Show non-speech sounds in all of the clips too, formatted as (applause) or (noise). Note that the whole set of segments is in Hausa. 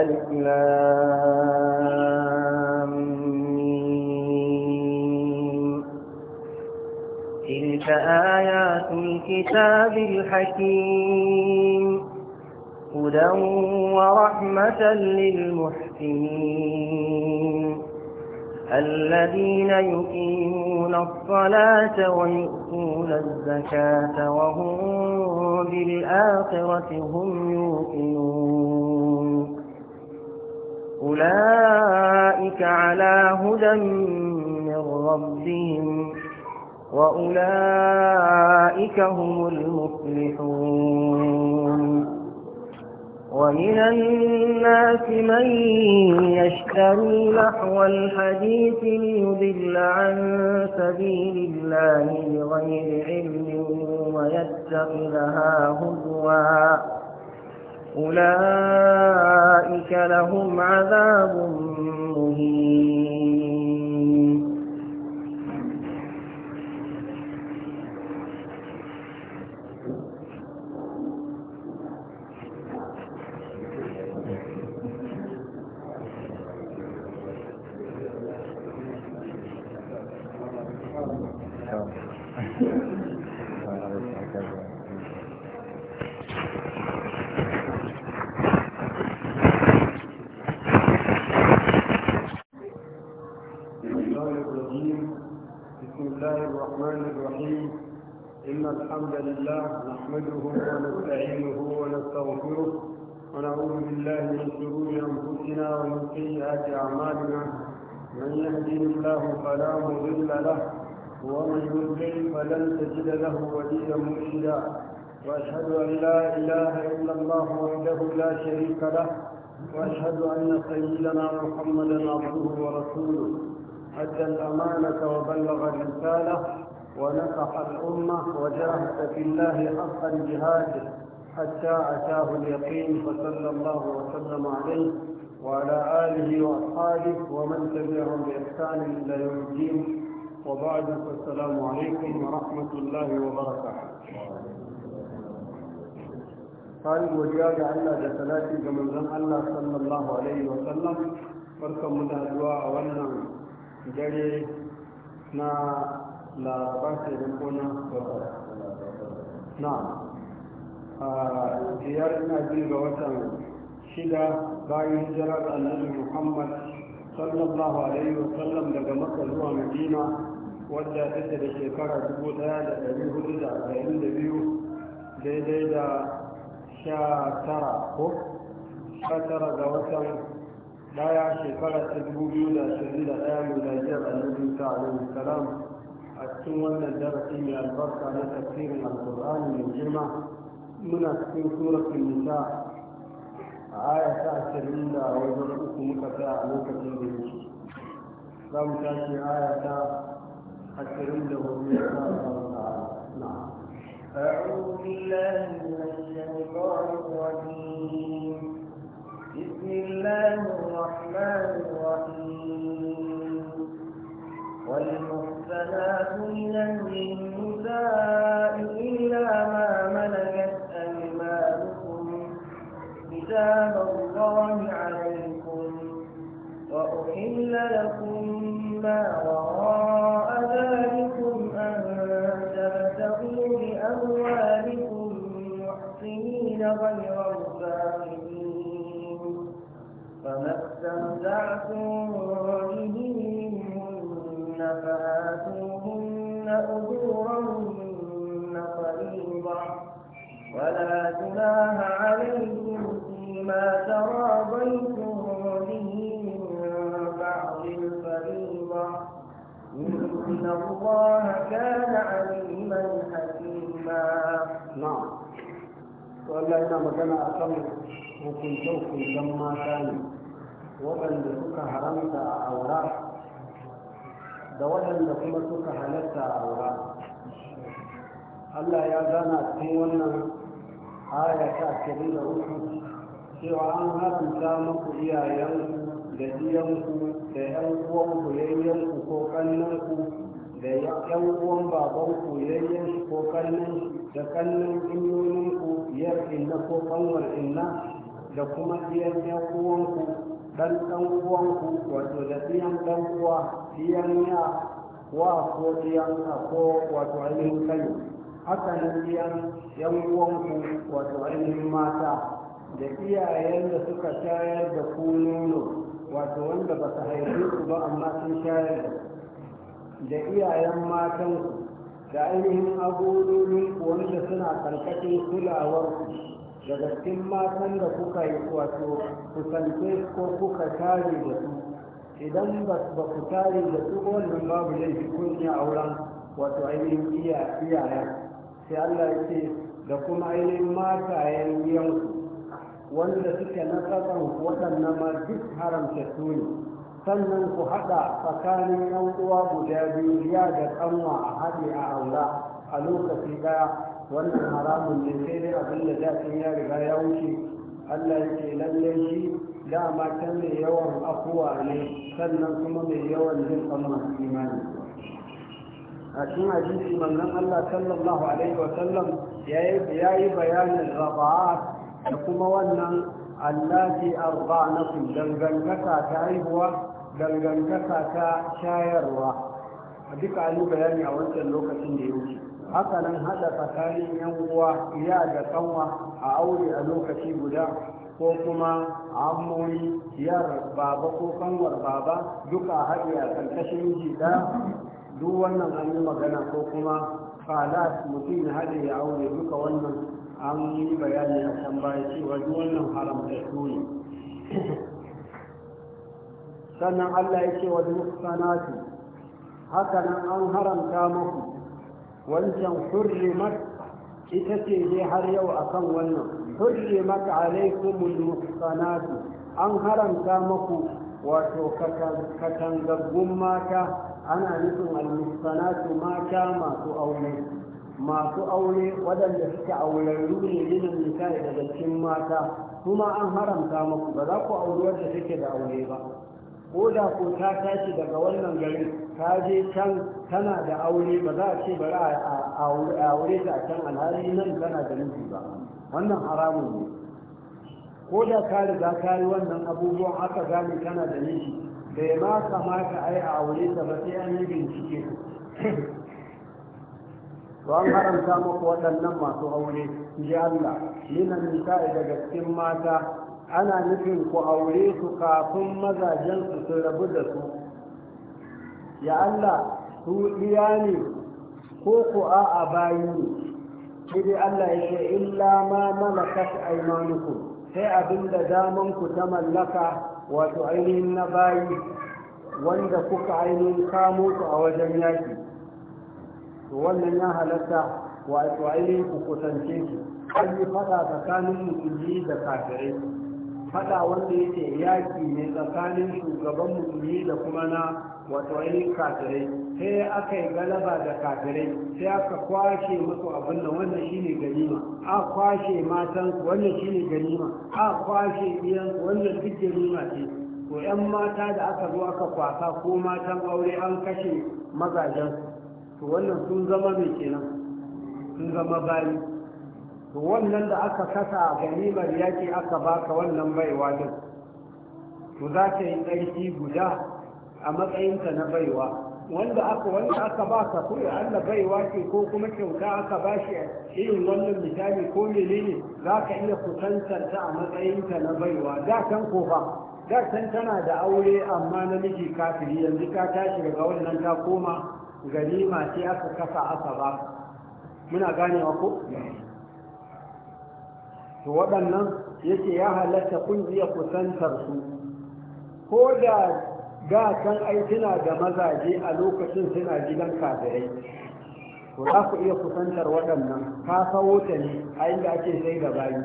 الم تلك آيات الكتاب الحكيم هدى ورحمة للمحسنين الذين يقيمون الصلاة ويؤتون الزكاة وهم بالآخرة هم يوقنون أولئك على هدى من ربهم وأولئك هم المفلحون ومن الناس من يشتري لحو الحديث ليضل عن سبيل الله بغير علم ويتخذها هدواً أولئك لهم عذاب مهين الرحيم إن الحمد لله نحمده ونستعينه ونستغفره ونعوذ بالله من شرور أنفسنا ومن سيئات أعمالنا من يهدي الله فلا مضل له ومن يضلل فلن تجد له وليا مرشدا وأشهد أن لا إله إلا الله وحده لا شريك له وأشهد أن سيدنا محمدا عبده ورسوله أدى الأمانة وبلغ الرسالة ونصح الأمة وجاهد في الله حق جهاده حتى أتاه اليقين فصلى الله وسلم عليه وعلى آله وأصحابه ومن تبعهم بإحسان إلى يوم الدين وبعد فالسلام عليكم ورحمة الله وبركاته قال وجاد ga جسلات da salati ga manzon Allah sallallahu alaihi wa الأدواء barkan جري da laraba ce da kona bakwai na biyar ina biyu ga watan shida bayan hijirar annabi muhammad sallallahu alaihi sallam daga maka zuwa madina wadda take da shekara dubu daya da dari hudu da arba'in da biyu daidai da sha tara ko sha tara ga watan daya shekara ta dubu biyu da ashirin da daya lafiyar annabi ta alaihi salam تكون الدرس من البركة لتفسير القرآن من جمع من سورة النساء آية تأثر إلا وجرأكم فتاة لتفسير النساء لم تأتي آية تأثر إلا وجرأكم فتاة نعم أعوذ بالله من الشيطان الرجيم بسم الله الرحمن الرحيم والمحسنات من النساء إلا ما ملكت أيمانكم كتاب الله عليكم وأحل لكم ما وراء ذلكم أن تبتغوا بأموالكم محسنين غير مسافرين فما استمتعتم به فآتوهن أجورهن فريضة ولا جناح عليكم فيما تراضيتم به من بعد الفريضة إن الله كان عليما حكيما نعم والله ina magana a kan لما hukuncen mata ne waɗanda da waɗanda kuma suka halatta a aura Allah ya gana cikin wannan aya ta ashirin da uku cewa an haramta muku iyayen da diyanku da ƴan uwanku yayyanku ko kannanku da ƴan uwan babanku yayyan ko kannan da kannan inyoyinku yar inna ko kanwar inna da kuma iyan ƴan uwanku dan dan ku wato da ɗiyan dan uwa ɗiyan ya wa ko ɗiyan a ko wato ainihin kai haka ne ɗiyan yan ku wato ainihin mata da iyayen da suka shayar da ku nono wato wanda ba su haife ku ba amma sun shayar da da iyayen matan da ainihin abubuwan wanda suna karkashin kulawar ku daga cikin matan da kuka yi wato kusance ko kuka tare da su idan ba ku tare da su wannan babu laifi kun a auren wato ainihin iyayen sai Allah ya ce da kuma ainihin matayen yanku wanda suke na kasan waɗannan ma duk haramta su ne sannan ku haɗa tsakanin yan uwa guda biyu ya da ƙanwa a haɗe a aura a lokaci ɗaya wannan haramun ne sai dai abin da dafin ya riga ya wuce allah ya ce lallai shi dama ta mai yawan afuwa ne sannan kuma mai yawan jin masu imani a cikin hadisi manzon allah sallallahu alaihi wa sallam ya yi bayanin raba'a da kuma wannan na arba'nakum dangantaka ta haihuwa dangantaka ta shayarwa duka bayani a wancan lokacin da ya wuce haka nan haɗa tsakanin yan uwa iya da kanwa a aure a lokaci guda ko kuma ammoyi yar baba ko kanwar baba duka haɗe a ƙarƙashin miji ɗaya duk wannan an yi magana ko kuma falas mutum ya haɗe ya aure duka wannan an yi bayani a can baya cewa duk wannan haramtattu ne sannan allah ya ce wa duk sanatu haka nan an haramta muku wancan hurrimat ita ce dai har yau akan wannan hurrimat alaikum muhsanatu an haramta maku wato katangaggun mata ana nufin almuhsanatu mata masu aure masu aure waɗanda suke aurarru ne ginin misali daga cikin mata kuma an haramta maku ba za ku aure wadda take da aure ba Koda da ko ta tashi daga wannan garin ta je can tana da aure ba za a ce bari a aure ta can alhali nan tana da miji ba wannan haramun ne Koda da ka riga ka yi wannan abubuwan aka gane tana da miji bai ma kamata a yi a aure ta ba sai an yi bincike to an haramta maka waɗannan masu aure ji Allah linan nisa'i daga cikin mata ana nufin ku aure su kafin mazajen su sun rabu da su ya Allah su iya ne ko ku a bayi ne sai Allah ya ce illa ma malakat aymanukum sai abin da daman ku ta mallaka wato ainihin na bayi wanda kuka ainihin kamo su a wajen yaki to wannan ya halatta wato ainihin ku kusance shi an yi fada tsakanin musulmi da kafirai fada wanda yake yaki ne tsakanin shugaban musulmi da kuma na wato ainihin kafirai sai aka yi galaba da kafirai sai aka kwashe musu abin da wannan shine ganima a kwashe matan wannan shine ganima a kwashe iyan wannan duk ganima ce to yan mata da aka zo aka kwasa ko matan aure an kashe mazajen to wannan sun zama mai kenan sun zama bayi to wannan da aka kasa ganimar yaki aka baka wannan baiwa din to za ka yi tsarki guda a matsayinta na baiwa wanda aka wanda aka ba ka ko Allah baiwa ce ko kuma kyauta aka ba shi irin wannan misali ko menene za ka iya kusantar ta a matsayinta na baiwa da kan ko fa da can tana da aure amma na miji kafiri yanzu ka tashi daga wannan ta koma ganima ce aka kasa aka ba muna ganewa ko to waɗannan yake ya halatta kun iya kusantar su ko da ga kan tuna ga mazaje a lokacin suna gidan kafirai to za ku iya kusantar waɗannan ka kawo ta ne a inda ake sai da bayi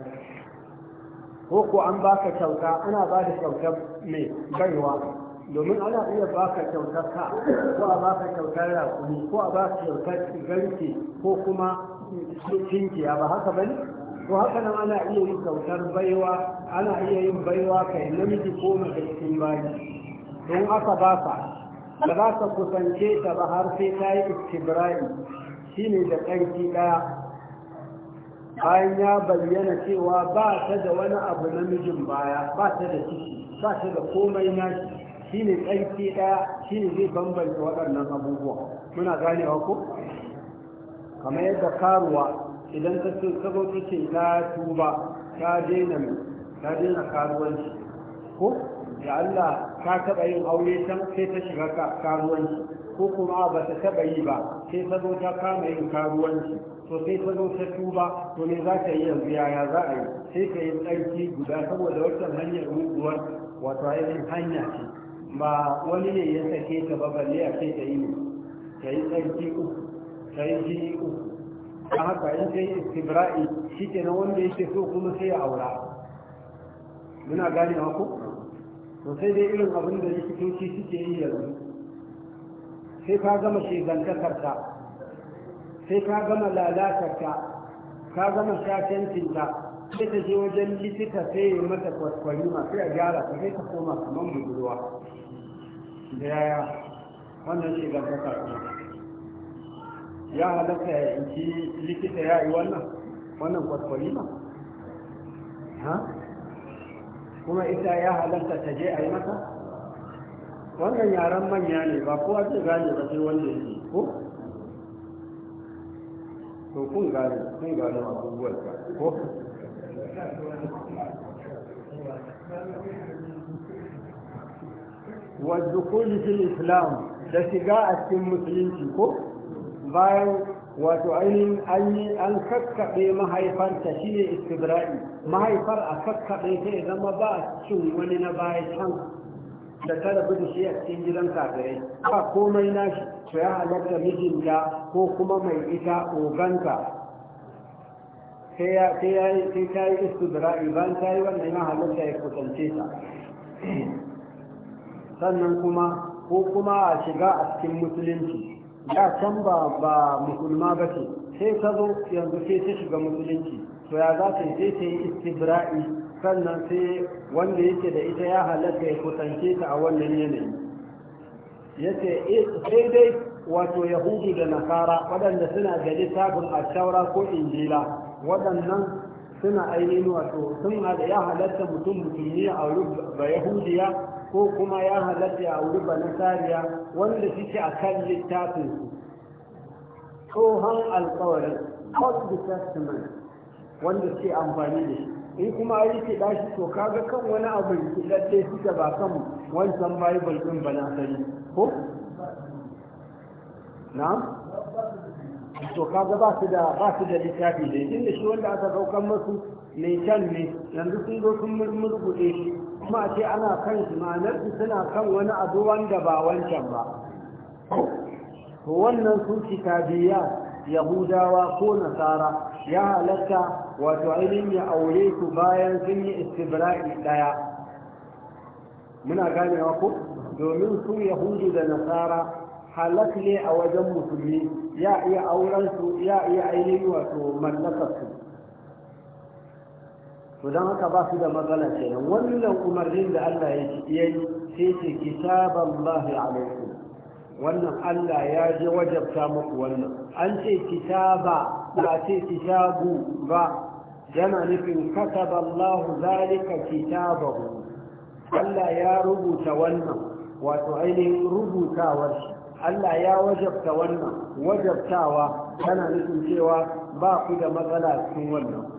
ko ko an baka kyauta ana ba da kyauta mai baiwa domin ana iya baka kyautar ka ko a baka kyautar rakumi ko a baka kyautar garke ko kuma cinkiya ba haka bane to haka nan ana iya yin kautar baiwa ana iya yin baiwa kai namiji ko mace cikin bayi don aka ba ka ba za ka kusance ta ba har sai ta yi istibra'i ne da ƙarfi ɗaya bayan ya bayyana cewa ba ta da wani abu namijin baya ba ta da ciki ba ta da komai na shi ne ƙarfi ɗaya shi ne zai bambanta waɗannan abubuwa muna ganewa ko kamar yadda karuwa idan ka ce kaba kake ka tuba ka daina mai ka daina karuwanci ko da Allah ka taba yin aure can sai ta shiga karuwanci ko kuma ba ta taɓa yi ba sai ta zo ta kama yin karuwanci to sai ta zo ta tuba to ne za ka yi yanzu yaya za a yi sai ka yi tsarki guda saboda wancan hanyar muguwar wato ainihin hanya ce ba wani ne ya sake ta ba balle a sai ta yi ne ta yi tsarki uku ta yi jini uku da haka in sai istibra'i shi na wanda yake so kuma sai ya aura muna gane ko to sai dai irin abin da likitoci suke yi yanzu sai ka gama shegantakarta sai ka gama lalatarta ka gama shafiyancinta sai ta je wajen likita sai ya mata kwaskwari ma sai a gyara ta sai ta koma kamar budurwa da yaya wannan shegantakar kuma ya halatta ya inci likita ya yi wannan wannan kwaskwari ma ha kuma ita ya halatta ta je a yi mata wannan yaren manya ne ba kowa zai gane ba sai wanda yake ko to kun gane kun gane abubuwan ka ko wadda kuli fil islam da shiga a cikin musulunci ko bayan wato ainihin an yi an kakkaɓe mahaifarta shi ne istibra'i mahaifar a kakkaɓe ta ya zama ba a cikin wani na baya can da da shi a cikin gidan kafirai ba komai na shi to ya halatta mijinta ko kuma mai ita oganta sai ta yi istibra'i bayan ta yi wannan ya halatta ya kusance ta sannan kuma ko kuma a shiga a cikin musulunci da can ba ba musulma ba ce sai ka zo yanzu sai ta shiga musulunci to ya za ta sai ta yi istibra'i sannan sai wanda yake da ita ya halatta ya kusance ta a wannan yanayi ya ce eh, sai dai wato yahudu da nasara waɗanda suna da littafin ashaura ko injila waɗannan suna ainihin wato sun ya halatta mutum musulmi a ba yahudiya ko kuma ya halatta ya na banasariya wanda suke a kan littafin su tsohon alkawarin the testament wanda suke amfani da shi in kuma a yi da shi to kaga kan wani abu lalle suka ba kan wancan bible din ba na sani ko na to kaga ba su da ba su da littafi da inda shi wanda aka daukan masu mai can ne yanzu sun zo sun murmurgude shi kuma ce ana kan shi suna kan wani abu wanda ba wancan ba to wannan su kitabiya yahudawa ko nasara ya halatta wato ainihin ya aure su bayan sun yi istibra'i ɗaya muna ganewa ko domin su yahudu da nasara halak ne a wajen musulmi ya iya auren su ya iya ainihin wato su. to don haka ba su da matsala kenan wannan umarnin da Allah ya ci ya yi sai ce kitaban lahi alaikum wannan Allah ya je wajabta muku wannan an ce kitaba ba ce kitabu ba yana nufin kataba lahu zalika kitabahu Allah ya rubuta wannan wato ainihin rubutawar shi Allah ya wajabta wannan wajabtawa tana nufin cewa ba ku da matsala cikin wannan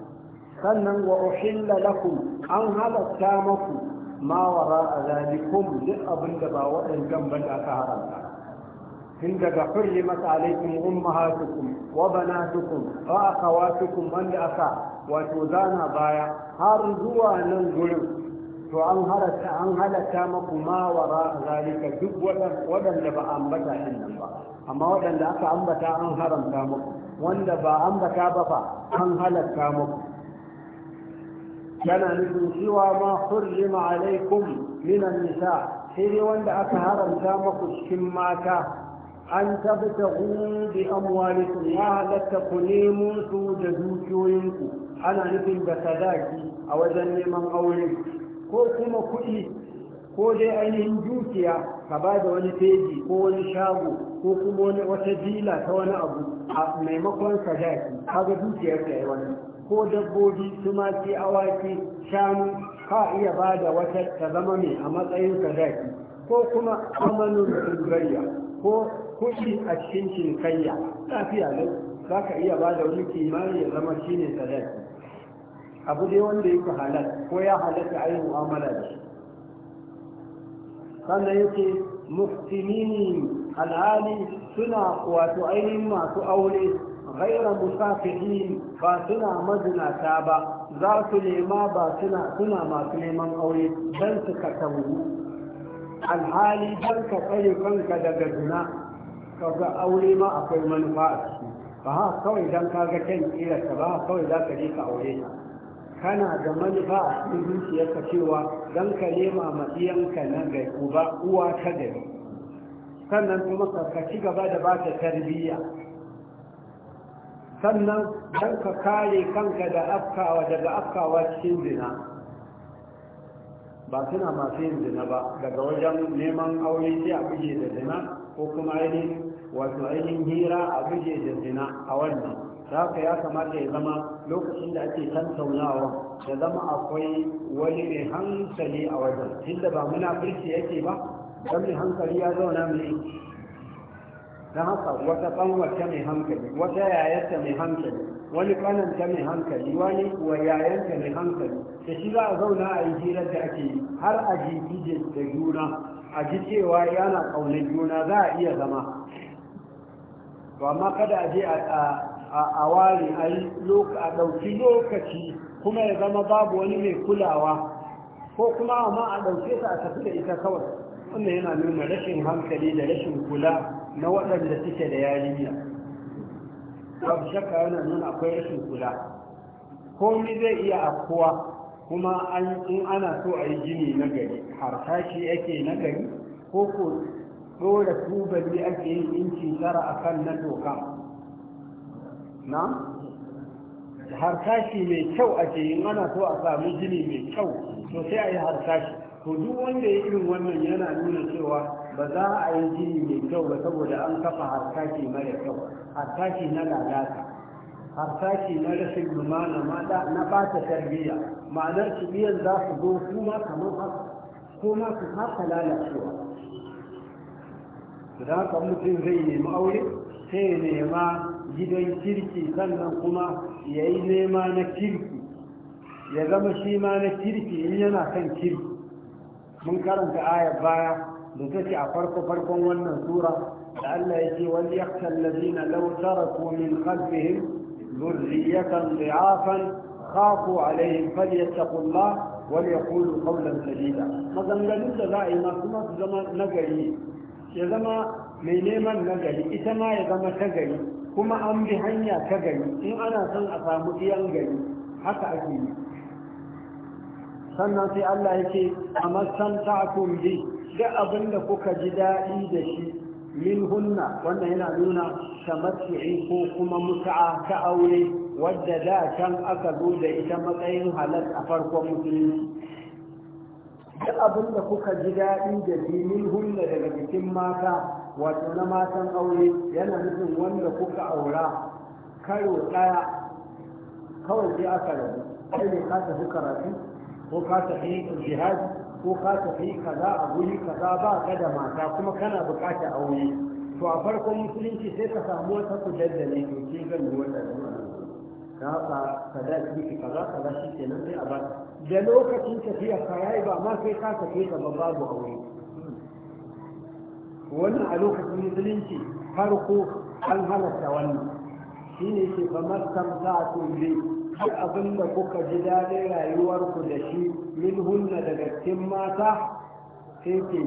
sannan wa uhilla lakum an halatta maku ma wara a zalikum duk abin da ba waɗancan ba da aka haramta tun daga hurrimat alaikum ummahatukum wa banatukum wa akhawatukum wanda aka wato zana baya har zuwa nan gurin to an halatta an halatta maku ma wara zalika duk waɗanda ba ambata din nan ba amma waɗanda aka ambata an haramta maku wanda ba ambata ba fa an halatta maku yana nufin cewa ma hurrima alaikum minan nisa sai dai wanda aka haramta maku cikin mata an tabtahu bi amwalikum ya halatta ku nemo su da dukiyoyinku ana nufin da sadaki a wajen neman aure ko kuma kuɗi ko dai ainihin dukiya ka ba da wani feji ko wani shago ko kuma wata dila ta wani abu a maimakon sadaki haga dukiyar ta yi wannan ko dabbobi tumaki awaki shanu ka iya ba da wata ta zama mai a matsayin sadaki ko kuma amanin dubariya ko kushi a cikin cinikayya lafiya ne za ka iya ba da wani kimani ya zama shi ne sadaki abu dai wanda yake halal ko ya halatta a yi mu'amala da shi sannan yake muftinini alhali suna wato ainihin masu aure ghaira musafihin ba suna mazinata ba za su nema ba suna suna masu neman aure don su ka alhali dan ka tsare kanka daga zina ka ga aure ma akwai manufa a ciki ba ha kawai don ka ga kyan kirarka ba kawai za ka je ka aure ta kana da manufa a cikin zuciyarka cewa don ka nema matsiyanka na gai uba uwa ta gari sannan kuma ka ci gaba da ba ta tarbiyya sannan don ka kare kanka da afkawa daga afkawa cikin zina ba suna masu yin zina ba daga wajen neman aure sai a buje da zina ko kuma ainihin wasu ainihin hira a buje da zina a wannan za ka ya kamata ya zama lokacin da ake tantaunawa da zama akwai wani mai hankali a wajen inda ba muna munafurci yake ba don mai hankali ya zauna mai da haka wata mai hankali wata yayarta mai hankali wani ƙananta mai hankali wani yayanta mai hankali da shi za a zauna a yi hirar da ake yi har a ji da juna a ji cewa yana ƙaunar juna za a iya zama to amma kada a je a ware a ɗauki lokaci kuma ya zama babu wani mai kulawa ko kuma amma a ɗauke ta a tafi da ita kawai wannan yana nuna rashin hankali da rashin kula na waɗanda suke da yarinya babu shakka yana nuna akwai rashin kula komi zai iya afkuwa kuma in ana so a yi gini na gari shi yake na gari ko ko dole tubali ake yin inci tara a kan na doka? na shi mai kyau ake yin ana so a samu gini mai kyau to sai a yi shi to duk wanda ya irin wannan yana nuna cewa ba za a yi jini mai kyau ba saboda an kafa harsashi mara kyau harsashi na lalata harsashi na rashin lumana na ɓata tarbiyya ma'anar biyan za su zo kuma kamar haka kuma su haka lalacewa da haka mutum zai nemi aure sai ya nema gidan kirki sannan kuma ya yi nema na kirki ya zama shi ma na kirki in yana kan kirki mun karanta ayar baya da a farko farkon wannan sura da Allah ya ce wal yakhsha alladhina law kafo min khalfihim dhurriyatan dhi'afan khafu alaihim falyattaqullah wal yaqulu qawlan sadida maganganun da za a yi masu masu zama nagari ya zama mai neman nagari ita ma ya zama ta gari kuma an bi hanya ta gari in ana son a samu iyan gari haka ake yi sannan sai Allah ya ce a masan ta'akum bi da abin da kuka ji daɗi da shi min hunna wannan yana nuna tamattu'i ko kuma mut'a ta aure wadda da can aka zo da ita matsayin halas a farkon musulunci da abin da kuka ji daɗi da shi min hunna daga cikin mata wato na matan aure yana nufin wanda kuka aura karo ɗaya kawai sai aka rabu kai ne ka tafi karatu ko ka tafi jihadi ko ka tafi kaza a guri kaza ba ka da mata kuma kana bukata aure to a farkon musulunci sai ka samu wata kujar da to ke zan yi wata da haka kaza ki kaza kaza shi nan sai a ba da lokacin tafiya ka yayi ba ma sai ka tafi ka ba babu aure wannan a lokacin musulunci farko an halatta wannan shine ke ba mastamta to duk abin da kuka ji daɗin rayuwarku da shi min hunna daga cikin mata sai ke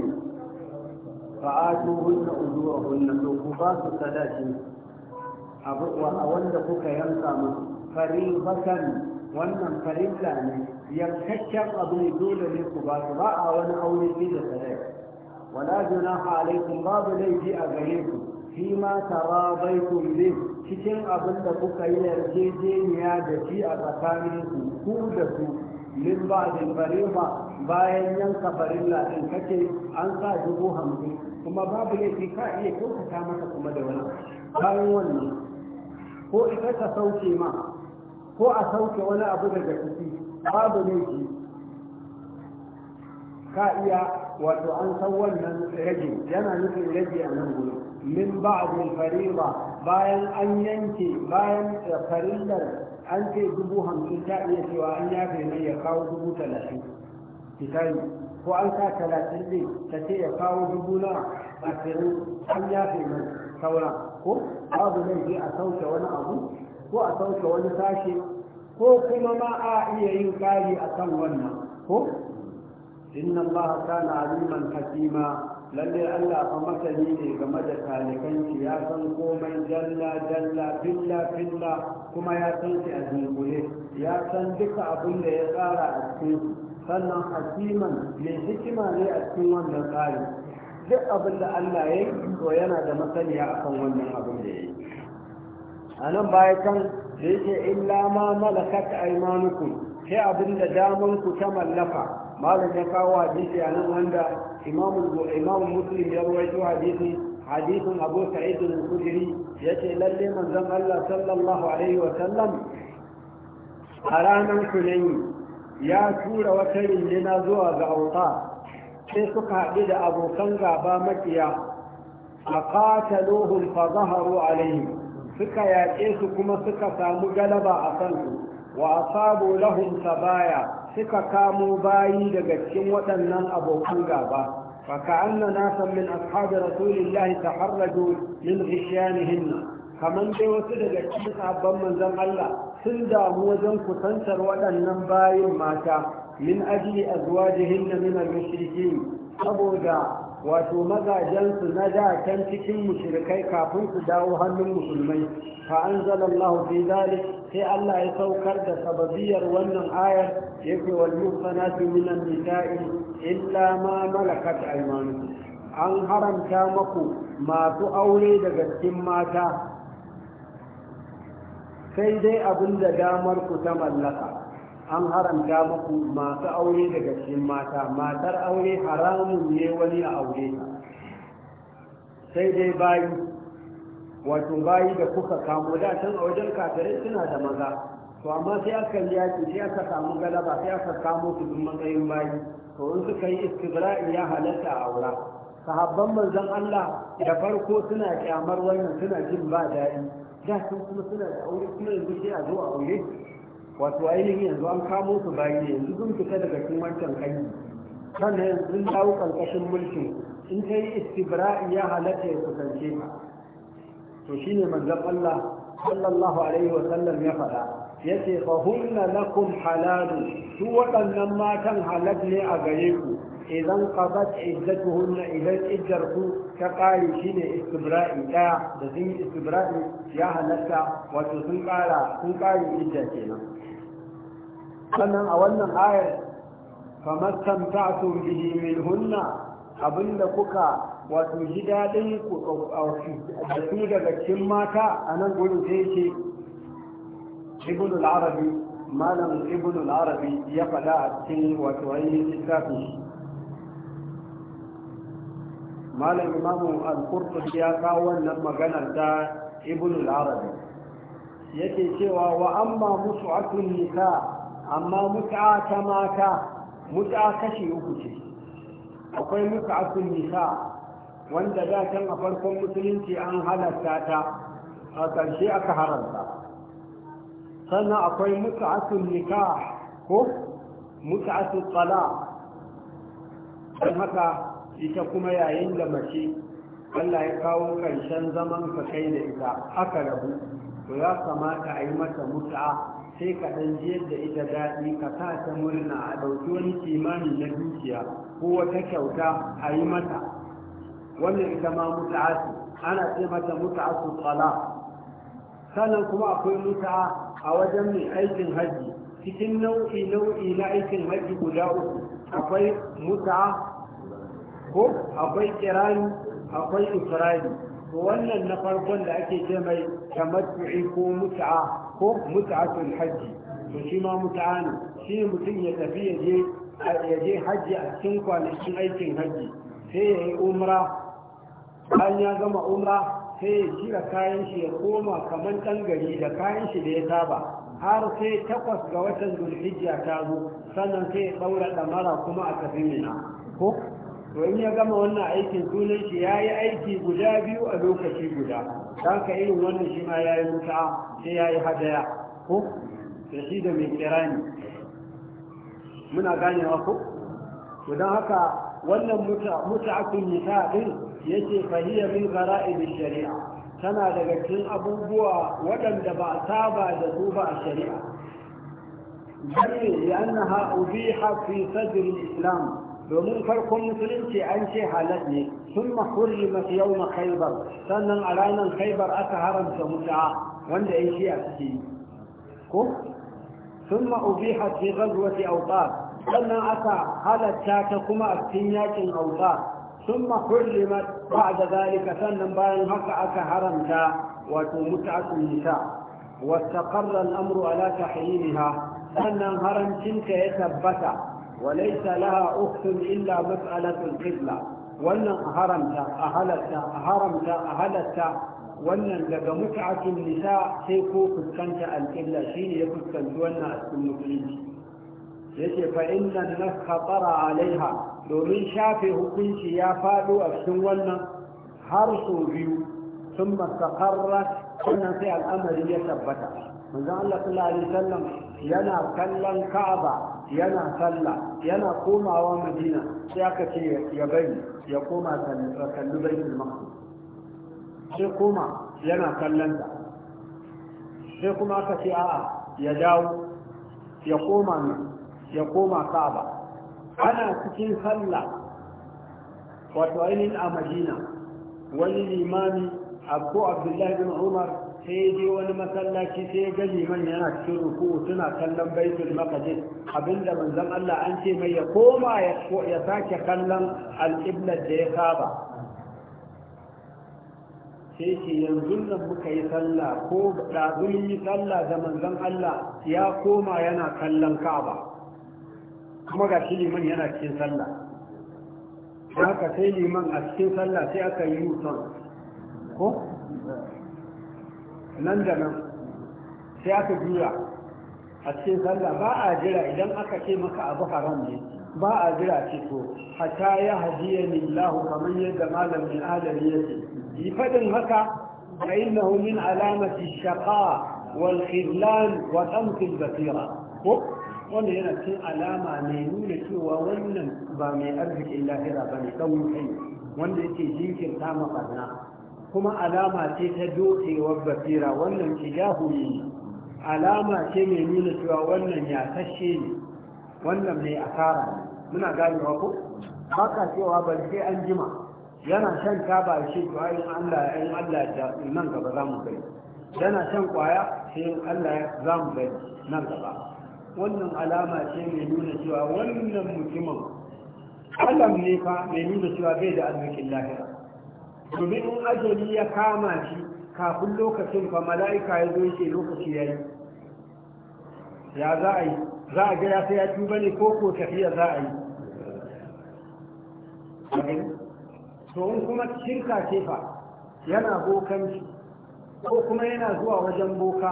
fa'atu hunna uzuwa hunna to ku ba su sadaki a wanda kuka yanka musu faribatan wannan da ne yankakken abu ne dole ne ku ba su ba a wani aure ne da sadaki wala junaha alaikum babu laifi a gare ku fi ma bai bih cikin abin da kuka yi yarjejeniya da shi a tsakanin ku ku da su min ba da farima bayan yanka farilla din kace an sa dubu hamsin kuma babu laifi ka iya kyautata mata kuma da wani bayan wannan ko ita ta sauke ma ko a sauke wani abu daga ciki babu laifi ka iya wato an san wannan rage yana nufin rage a nan gudu min ba'd al-fariida bayan an yanke bayan farillar an ce dubu hamsin ta iya cewa an yafe mai ya kawo dubu talatin misali ko an sa talatin ne ta ce ya kawo dubu na ashirin an yafe mai saura ko babu je a sauke wani abu ko a sauke wani sashe ko kuma ma a iya yin kari a kan wannan ko inna allaha kana aliman hakima lalle Allah fa masani ne game da talikanci ya san komai Jalla, Jalla, billa billa kuma ya san shi a dunkule ya san duka abin da ya tsara a cikin sannan hakiman mai hikima ne a cikin wannan tsari duk abin da Allah ya yi to yana da masaniya akan wannan abin da ya yi a nan baya kan da yake illa ma malakat aymanukum sai abin da damanku ta mallaka malam ya kawo hadisi a nan wanda imamu muslim ya ruwaito hadisi hadisin abu sa'id al-khudri yace lalle manzon Allah sallallahu alaihi wa sallam a ranar kunayi ya tura wata rindina zuwa ga auta sai suka haɗu da abokan gaba makiya a katalohun fa zaharu alaihi suka yaƙe su kuma suka samu galaba a kansu wa asabu lahum sabaya suka kamo bayi daga cikin waɗannan abokan gaba ka min من rasulillahi رسول الله تحرجوا من غشيانهن kaman dai wasu daga cikin sabon manzon Allah sun damu wajen kusantar waɗannan bayin mata min ajli azwajihin na min al-mushrikin saboda wato mazajensu na da can cikin mushrikai kafin su dawo hannun musulmai fa anzalallahu fi zalik sai Allah ya saukar da sababiyar wannan ayar yake wal muhsanatu minan nisa'i illa ma malakat aymanukum an haramta maku masu aure daga cikin mata sai dai abin da damar ku ta mallaka an haramta muku masu aure daga cikin mata matar aure haramun ne wani a aure sai dai bayi wato bayi da kuka kamo da can a wajen kafirai suna da maza to amma sai aka yi yaki sai aka samu galaba sai aka kamo su duk matsayin bayi to in suka yi istibra'i ya halatta a aura sahabban manzon Allah da farko suna kyamar wannan suna jin ba daɗi da sun kuma suna da aure kuma yanzu sai a zo a aure wato ainihin yanzu an kamo su bayi ne yanzu sun fita daga cikin wancan kai sannan yanzu sun dawo karkashin mulkin in ta yi istibra'i ya halatta ya kusance ka to shine manzon Allah sallallahu alaihi wa sallam ya faɗa yace fa hunna lakum halalu su waɗannan matan halal ne a gare ku idan qadat iddatuhunna idan iddarku ta ƙare shine istibra'i ɗaya da sun yi istibra'i ya halatta wato sun ƙara sun ƙare idda kenan sannan a wannan ayar kamar tamta'tu bihi minhunna abinda kuka wato ji daɗin ku da su daga cikin mata a nan gurin sai ce ibn al-arabi malam ibn al-arabi ya faɗa a cikin wato ainihin littafin malam imamu al-qurtubi ya kawo wannan maganar da ibn al-arabi yake cewa wa amma musu musu'atun nisa amma mut'a ta mata mut'a kashi uku ce akwai mut'atul nisa wanda da can a farkon musulunci an halatta ta a ƙarshe aka haramta sannan akwai mut'atul nikah ko mut'atul talaq don haka ita kuma yayin da mace Allah ya kawo ƙarshen zaman ka kai da ita aka rabu to ya kamata a yi mata mut'a sai ka ɗan jiyar da ita daɗi ka sa ta murna a ɗauki wani kimani na dukiya ko wata kyauta a yi mata wannan ita ma muta'asu ana ce mata muta'asu tsala sannan kuma akwai mutu'a a wajen mai aikin haji, cikin nau'i nau'i na aikin haji guda uku akwai muta'a ko akwai kirani akwai isra'ili wannan na farkon da ake ce mai tamattu'i ko mut'a ko mut'atul hajji to shi ma mut'a ne shi mutum ya tafi ya je ya je hajji a cikin kwanakin aikin hajji sai ya yi umra bayan ya gama umra sai ya shira kayan shi ya koma kamar dan gari da kayan shi da ya saba har sai takwas ga watan zulhijja ta zo sannan sai ya daura ɗamara kuma a tafi mina ko to in ya gama wannan aikin sunan shi ya yi aiki guda biyu a lokaci guda don ka irin wannan shi ma ya yi mutu'a sai ya yi hadaya ko shi da mai kirani muna ganewa ko to don haka wannan mutu'atun nisa din ce fahiyya min gara'ib shari'a tana daga cikin abubuwa waɗanda ba a saba da su ba a shari'a بل لأنها أبيحت في sadirin Islam. domin farkon musulunci an ce halal ne sun makurri masu yau na khaibar sannan a ranar khaibar aka haramta mutu'a wanda ya shi a suke yi ko sun ma'ubi hafi gazuwati auta sannan aka halatta ta kuma a cikin yakin auta sun makurri ba da zalika sannan bayan haka aka haramta wato mutu'atun nisa واستقر الأمر على تحريمها أن هرم ya tabbata. وليس لها أخت إلا مسألة القبلة wannan a haramta a halatta a haramta a halatta wannan daga mut'atin nisa sai ko fuskanta alƙilla shine ya fuskanci wannan a cikin musulunci ce fa inna nafha tara alaiha domin shafe hukunci ya faɗo a cikin wannan har so biyu sun mastaqarrat wannan sai al'amari ya tabbata manzon Allah sallallahu alaihi wasallam yana kallon Ka'aba yana sallah yana komawa madina sai aka ce ya bari ya koma kalli baitul maqdis sai koma yana kallanta sai kuma aka ce a'a ya dawo ya koma nan ya koma ka'aba ana cikin sallah wato ainihin a madina wani limami abu abdullahi bin umar sai je wani masallaci sai ga liman yana cikin ruku suna kallon baitul maqdis abinda manzon Allah an ce mai ya koma ya sake kallon al-qibla da ya saba sai ce yanzu nan muka yi sallah ko da zulmi sallah da manzon Allah ya koma yana kallon Ka'aba kuma ga shi liman yana cikin sallah haka sai liman a cikin sallah sai aka yi yusan ko nan da nan sai aka juya a cikin sallah ba a jira idan aka ce maka abu haram ne ba a jira ce to hata ya hajiya lillahu kamar yadda malam bin adam ya ce yi fadin haka fa innahu min alamati shaqa wal khidlan wa tamki basira ko wanda yana cikin alama ne nuna cewa wannan ba mai arzikin lahira bane dan wutai wanda yake jinkirta mafarna kuma alama ce ta dotsewar basira wannan kijahu ne alama ce mai nuna cewa wannan ya tashe ne wannan mai asara ne muna wa ko ba ka cewa ban sai an jima yana shan taba shi to ai Allah ya Allah ya nan gaba za mu kai yana shan kwaya sai Allah ya za mu kai nan gaba wannan alama ce mai nuna cewa wannan mutumin alam ne fa mai nuna cewa bai da arzikin lahira domin in ajali ya kama shi kafin lokacin fa mala'ika ya zo yake lokaci ya yi ya za a yi za a gaya sai ya tuba ne ko ko tafiya za a yi to in kuma shirka ce fa yana shi ko kuma yana zuwa wajen boka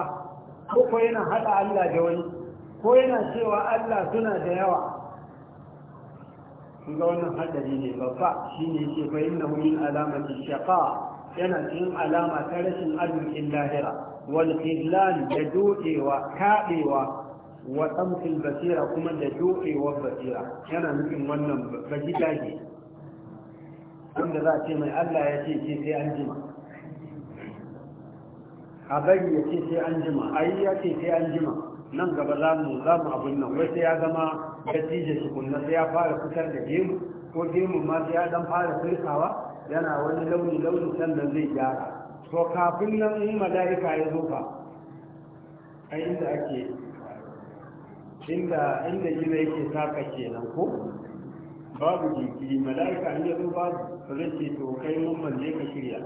ko ko yana haɗa Allah da wani ko yana cewa Allah suna da yawa kun ga wannan hadari ne babba shine yake fa innahu min alamati shaqa yana cikin alama ta rashin arzikin lahira wal khizlan da doɗewa kadewa wa tamsil basira kuma da doɗewa basira yana nufin wannan bajidaje wanda za a ce mai Allah ya ce ce sai an jima a bari ya ce sai an jima ayi ya ce sai an jima nan gaba za mu abin nan wai sai ya zama dattijo shi kunna sai ya fara fitar da gemu ko gemu ma sai ya dan fara firkawa yana wani launi launi sannan zai gyara to kafin nan in mala'ika ya zo fa a inda ake inda inda gina yake saka kenan ko babu jinkiri mala'ika ya zo ba zai ce to kai mun manje ka shirya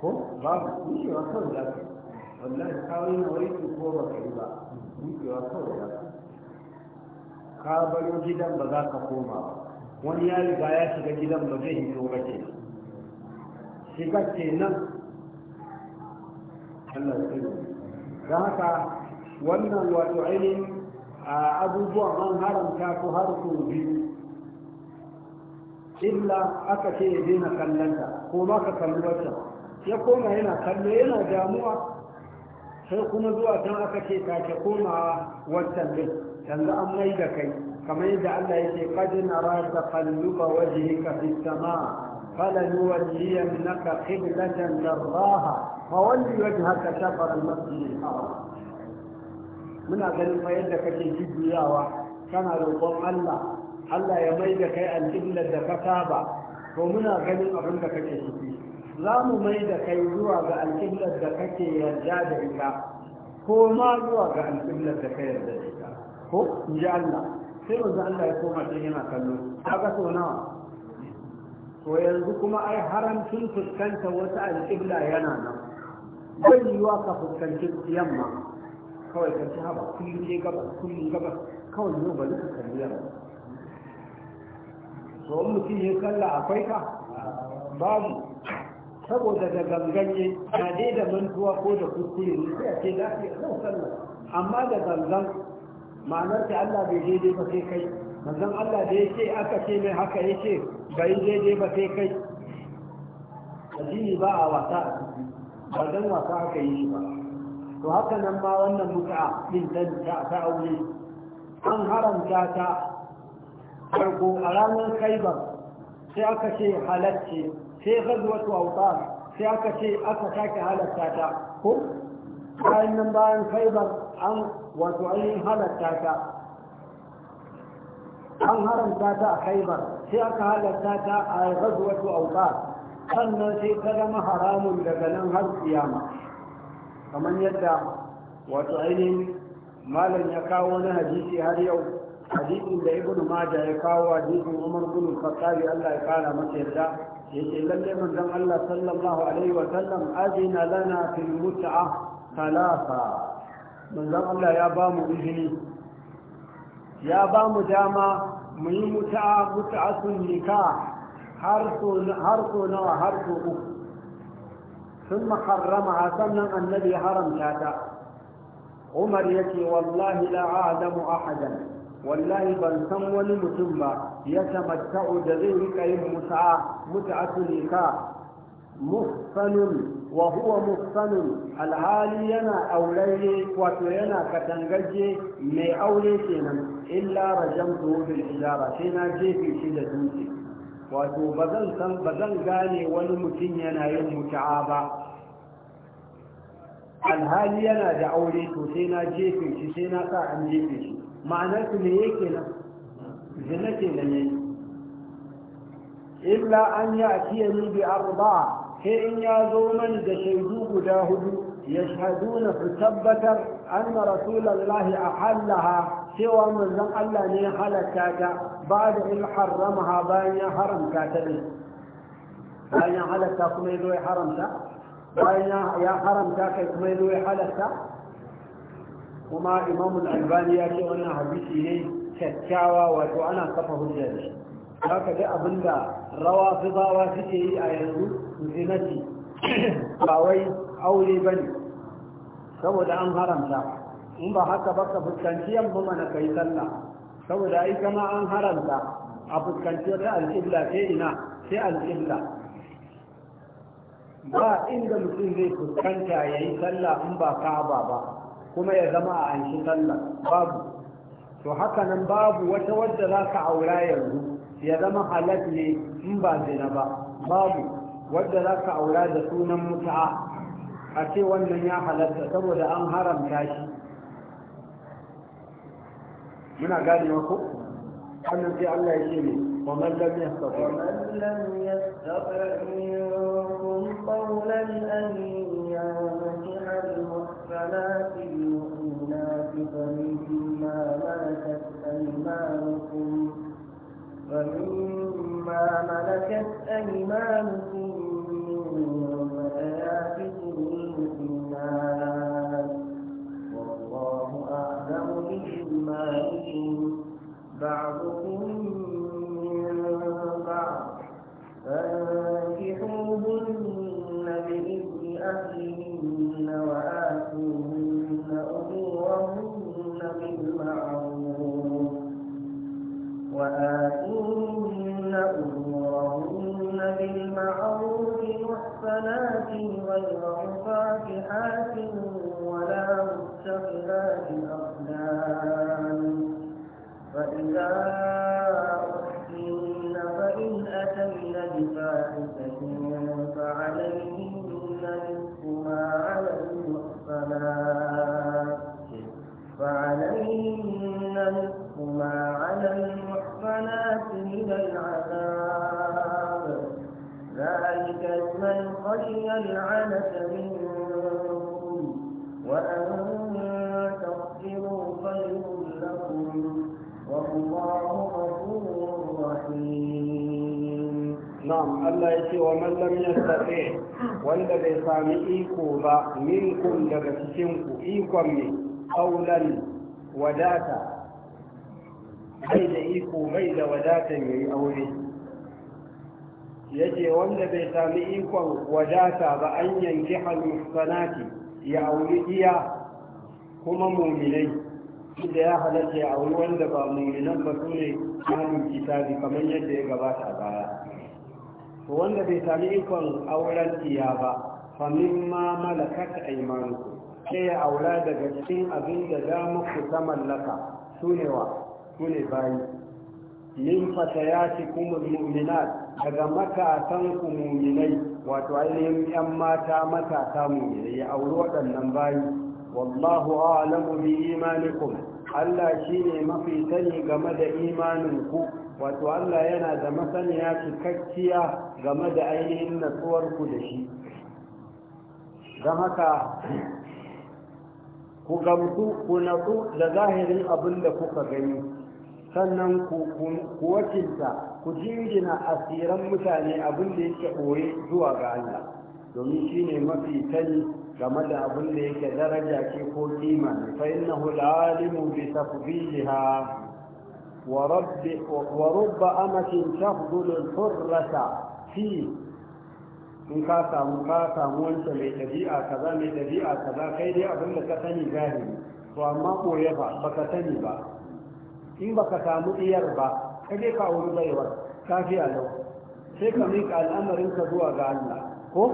ko babu kushewa kawai za ka yi wallahi kawai ne wai su ko ba kai ba wucewa kawai ya ka baro gidan ba za ka koma ba wani ya riga ya shiga gidan ba zai hito ba ke shiga ke nan Allah ya yi. don haka wannan wato ainihin abubuwan an haramta ko har biyu illa aka ce ya daina kallonta ko ma ka kalli wata ya koma yana kallo yana damuwa sai kuma zuwa can aka ce sake komawa wancan din yanzu an mai da kai kamar yadda Allah yake qad nara taqalluba wajhika fis samaa فلنولينك قبلة ترضاها فول وجهك شطر المسجد الحرام من أجل ما يدك تجيب ياوة كان روضان الله الله يميدك القبلة كتابة ومن أجل أبنك تجيب za mu mai da kai zuwa ga alƙiblar da kake yarda da ita ko ma zuwa ga alƙiblar da kai yarda da ita ko in ji Allah sai wanzu Allah ya koma shi yana kallo kaga so nawa to yanzu kuma ai haramcin fuskanta wata alƙibla yana nan bai yiwa ka fuskanci yamma kawai ka ci haba kullum ne gabas kullum gabas kawai yau ba duka kalli yamma to mutum ya kalla akwai ka babu saboda da ganganye na dai da mantuwa ko da kuskure ne sai a ce za ka zan sallah amma da ganzan ma'anar ta Allah bai daidai ba sai kai manzon Allah da yake aka ce mai haka yake bai daidai ba sai kai addini ba a wasa a ciki ba dan wasa haka yi ba to haka nan ma wannan muka din dan ta ta aure an haramta ta farko a ranar kaibar sai aka ce halacce sai ghazwatu awtar sai aka ce aka sake halatta ta ko bayan nan bayan khaybar an wato ainihin halatta ta an haramta ta a khaybar sai aka halatta ta a ghazwatu awtar sannan sai ta zama haramun daga nan har kiyama kamar yadda wato ainihin malam ya kawo wani hadisi har yau hadisin da ibnu maja ya kawo hadisin umar bin khattabi Allah ya kara masa yadda. yake lalle manzon Allah sallallahu alaihi wa sallam azina lana fil mut'a thalatha manzon Allah ya ba mu izini ya ba mu dama mu yi mut'a mut'atun nikah har so har so nawa har so uku ثم حرمها سنة النبي حرم شاتا عمر يتي wallahi لا أعلم أحدا wallahi ban san wani mutum ba ya tamatta'u da zai rika yin musa'a mut'atu ka muhsanun wa huwa muhsanun alhali yana aurayye wato yana katangaje mai aure kenan illa rajamtu bil ijara sai na jefe shi da dutse wato bazan san bazan gane wani mutum yana yin muta'a ba alhali yana da aure to sai na jefe shi sai na sa an jefe shi ma'anar su ne yake nan zina ke nan yayi illa an a atiya ni bi arba'a sai in ya zo mani da shaidu guda hudu na su tabbatar anna rasulullahi ahallaha cewa manzon Allah ne halatta ta ba da in ha bayan ya haramta ta ne bayan ya halatta kuma ya zo ya haramta bayan ya haramta kai kuma ya zo ya halatta kuma al albani ya ce wannan hadisi ne kyakkyawa wato ana kafa hujja da shi haka duk abinda rawa zawa suke yi a yanzu zinati ba wai aure bane saboda an haramta in ba haka ba ka fuskanci yamma mana kai sallah saboda ai kama an haramta a fuskanci wata alƙibla sai ina sai alƙibla ba inda mutum zai fuskanta ya yi sallah in ba ka ba ba kuma ya zama a an shi sallah babu to haka nan babu wata wadda za ka aura yanzu ya zama halal ne in ba zina ba babu wadda za ka aura da sunan mutu'a a ce wannan ya halatta saboda an haramta shi muna gane ko wannan sai Allah ya ce ne ومن لم يستطع ومن لم يستطع منكم قولا أن ومما ملكت أيمانكم من المؤمنات والله أعلم بإيمانكم بعضكم محصنات غير مفاتحات ولا متخذات أخلام فإذا أحسن فإن أتمن بفاحشة فعليهن نصف ما على المحصنات فعليهن نصف ما على المحصنات من العذاب ذلك من خشي العنف منكم وأن تصبروا خير لكم والله غفور رحيم نعم الله يتي ومن لم يستطيع wanda bai sami iko ba minkum daga cikinku ikon ne aulan wadata bai da iko bai da wadatan yayi aure yace wanda bai sami ikon wadata ba an yanki hannun sanati ya auri iya kuma mominai inda ya halatta ya auri wanda ba mominan ba su ne hannun kitabi kamar yadda ya gabata baya wanda bai sami ikon auren iya ba famin ma malakat aimanuku ke ya aura daga cikin abin da za muku ta mallaka su ne wa su ne bayi ya ci kuma mu'minat daga matasan ku wato ainihin yan mata matasa muminai ya auri waɗannan bayi wallahu a'lamu bi imanikum Allah shine mafi sani game da imanin ku wato Allah yana da masaniya cikakkiya game da ainihin natsuwar ku da shi don haka ku gamsu ku natsu da zahirin abin da kuka gani sannan ku wakilta ku jingina asiran mutane abin da yake ɓoye zuwa ga Allah domin shi ne mafi sani game da abin da yake daraja ce ko kima ne fa innahu alimu bi tafdiliha wa rabbi wa rubba amatin tafdulu al-hurrata fi in ka samu ka samu wanda mai tabi'a kaza mai tabi'a kaza kai dai abin da ka sani gari to amma koyafa baka sani ba in baka samu iyar ba ka je ka wuri baiwar kafiya lau sai ka miƙa al'amarinka zuwa ga Allah ko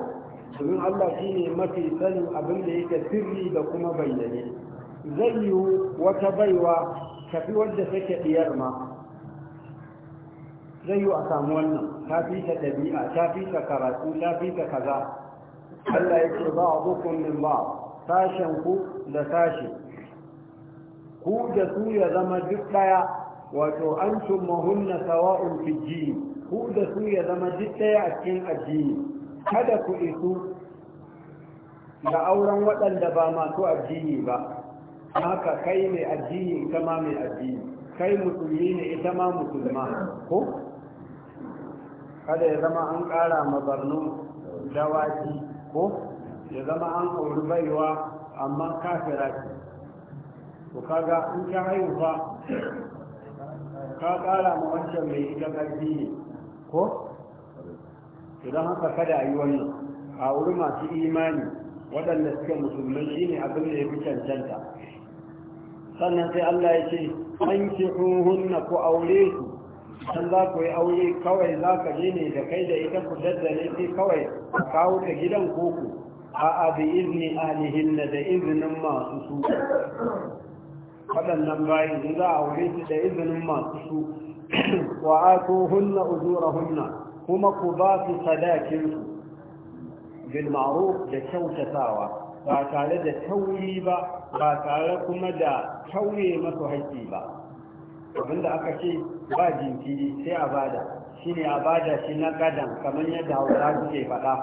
domin Allah shi ne mafi sanin abin da yake sirri da kuma bayyane zai yi wata baiwa tafi wadda take diyar ma zai yi a samu wannan ta ta ɗabi'a ta ta karatu ta ta kaza Allah ya ce ba a min ba sashen ku da sashe ku da su ya zama duk ɗaya wato an tumahunna sawa'un fi ji ku da su ya zama duk ɗaya a cikin addini kada ku isu da auren waɗanda ba masu addini ba haka kai mai addini ita ma mai addini kai musulmi ne ita ma musulma ko kada ya zama an ƙara da dawaki ko ya zama an auri baiwa amma kafira ce to kaga in ka haihu ka kara ma wancan mai ita karfi ne ko idan haka kada a yi wannan a wuri masu imani waɗanda suke musulmai shi ne abin da ya fi cancanta sannan sai Allah ya ce an ki hunna ku aure su dan za ku yi aure kawai za ka je ne da kai da ita ku daddare sai kawai a kawo ta gidan koko a abi izini alihin da izinin masu su waɗannan bayi za a aure su da izinin masu su (clears throat) wa ato hunna uzura hunna kuma ku ba su sadakinsu bil ma'ruf da kyautatawa ba tare da tauri ba ba tare kuma da tauye masu haƙƙi ba abinda aka ce ba jinkiri sai a bada shi ne a bada shi na gadan kamar yadda hausa suke faɗa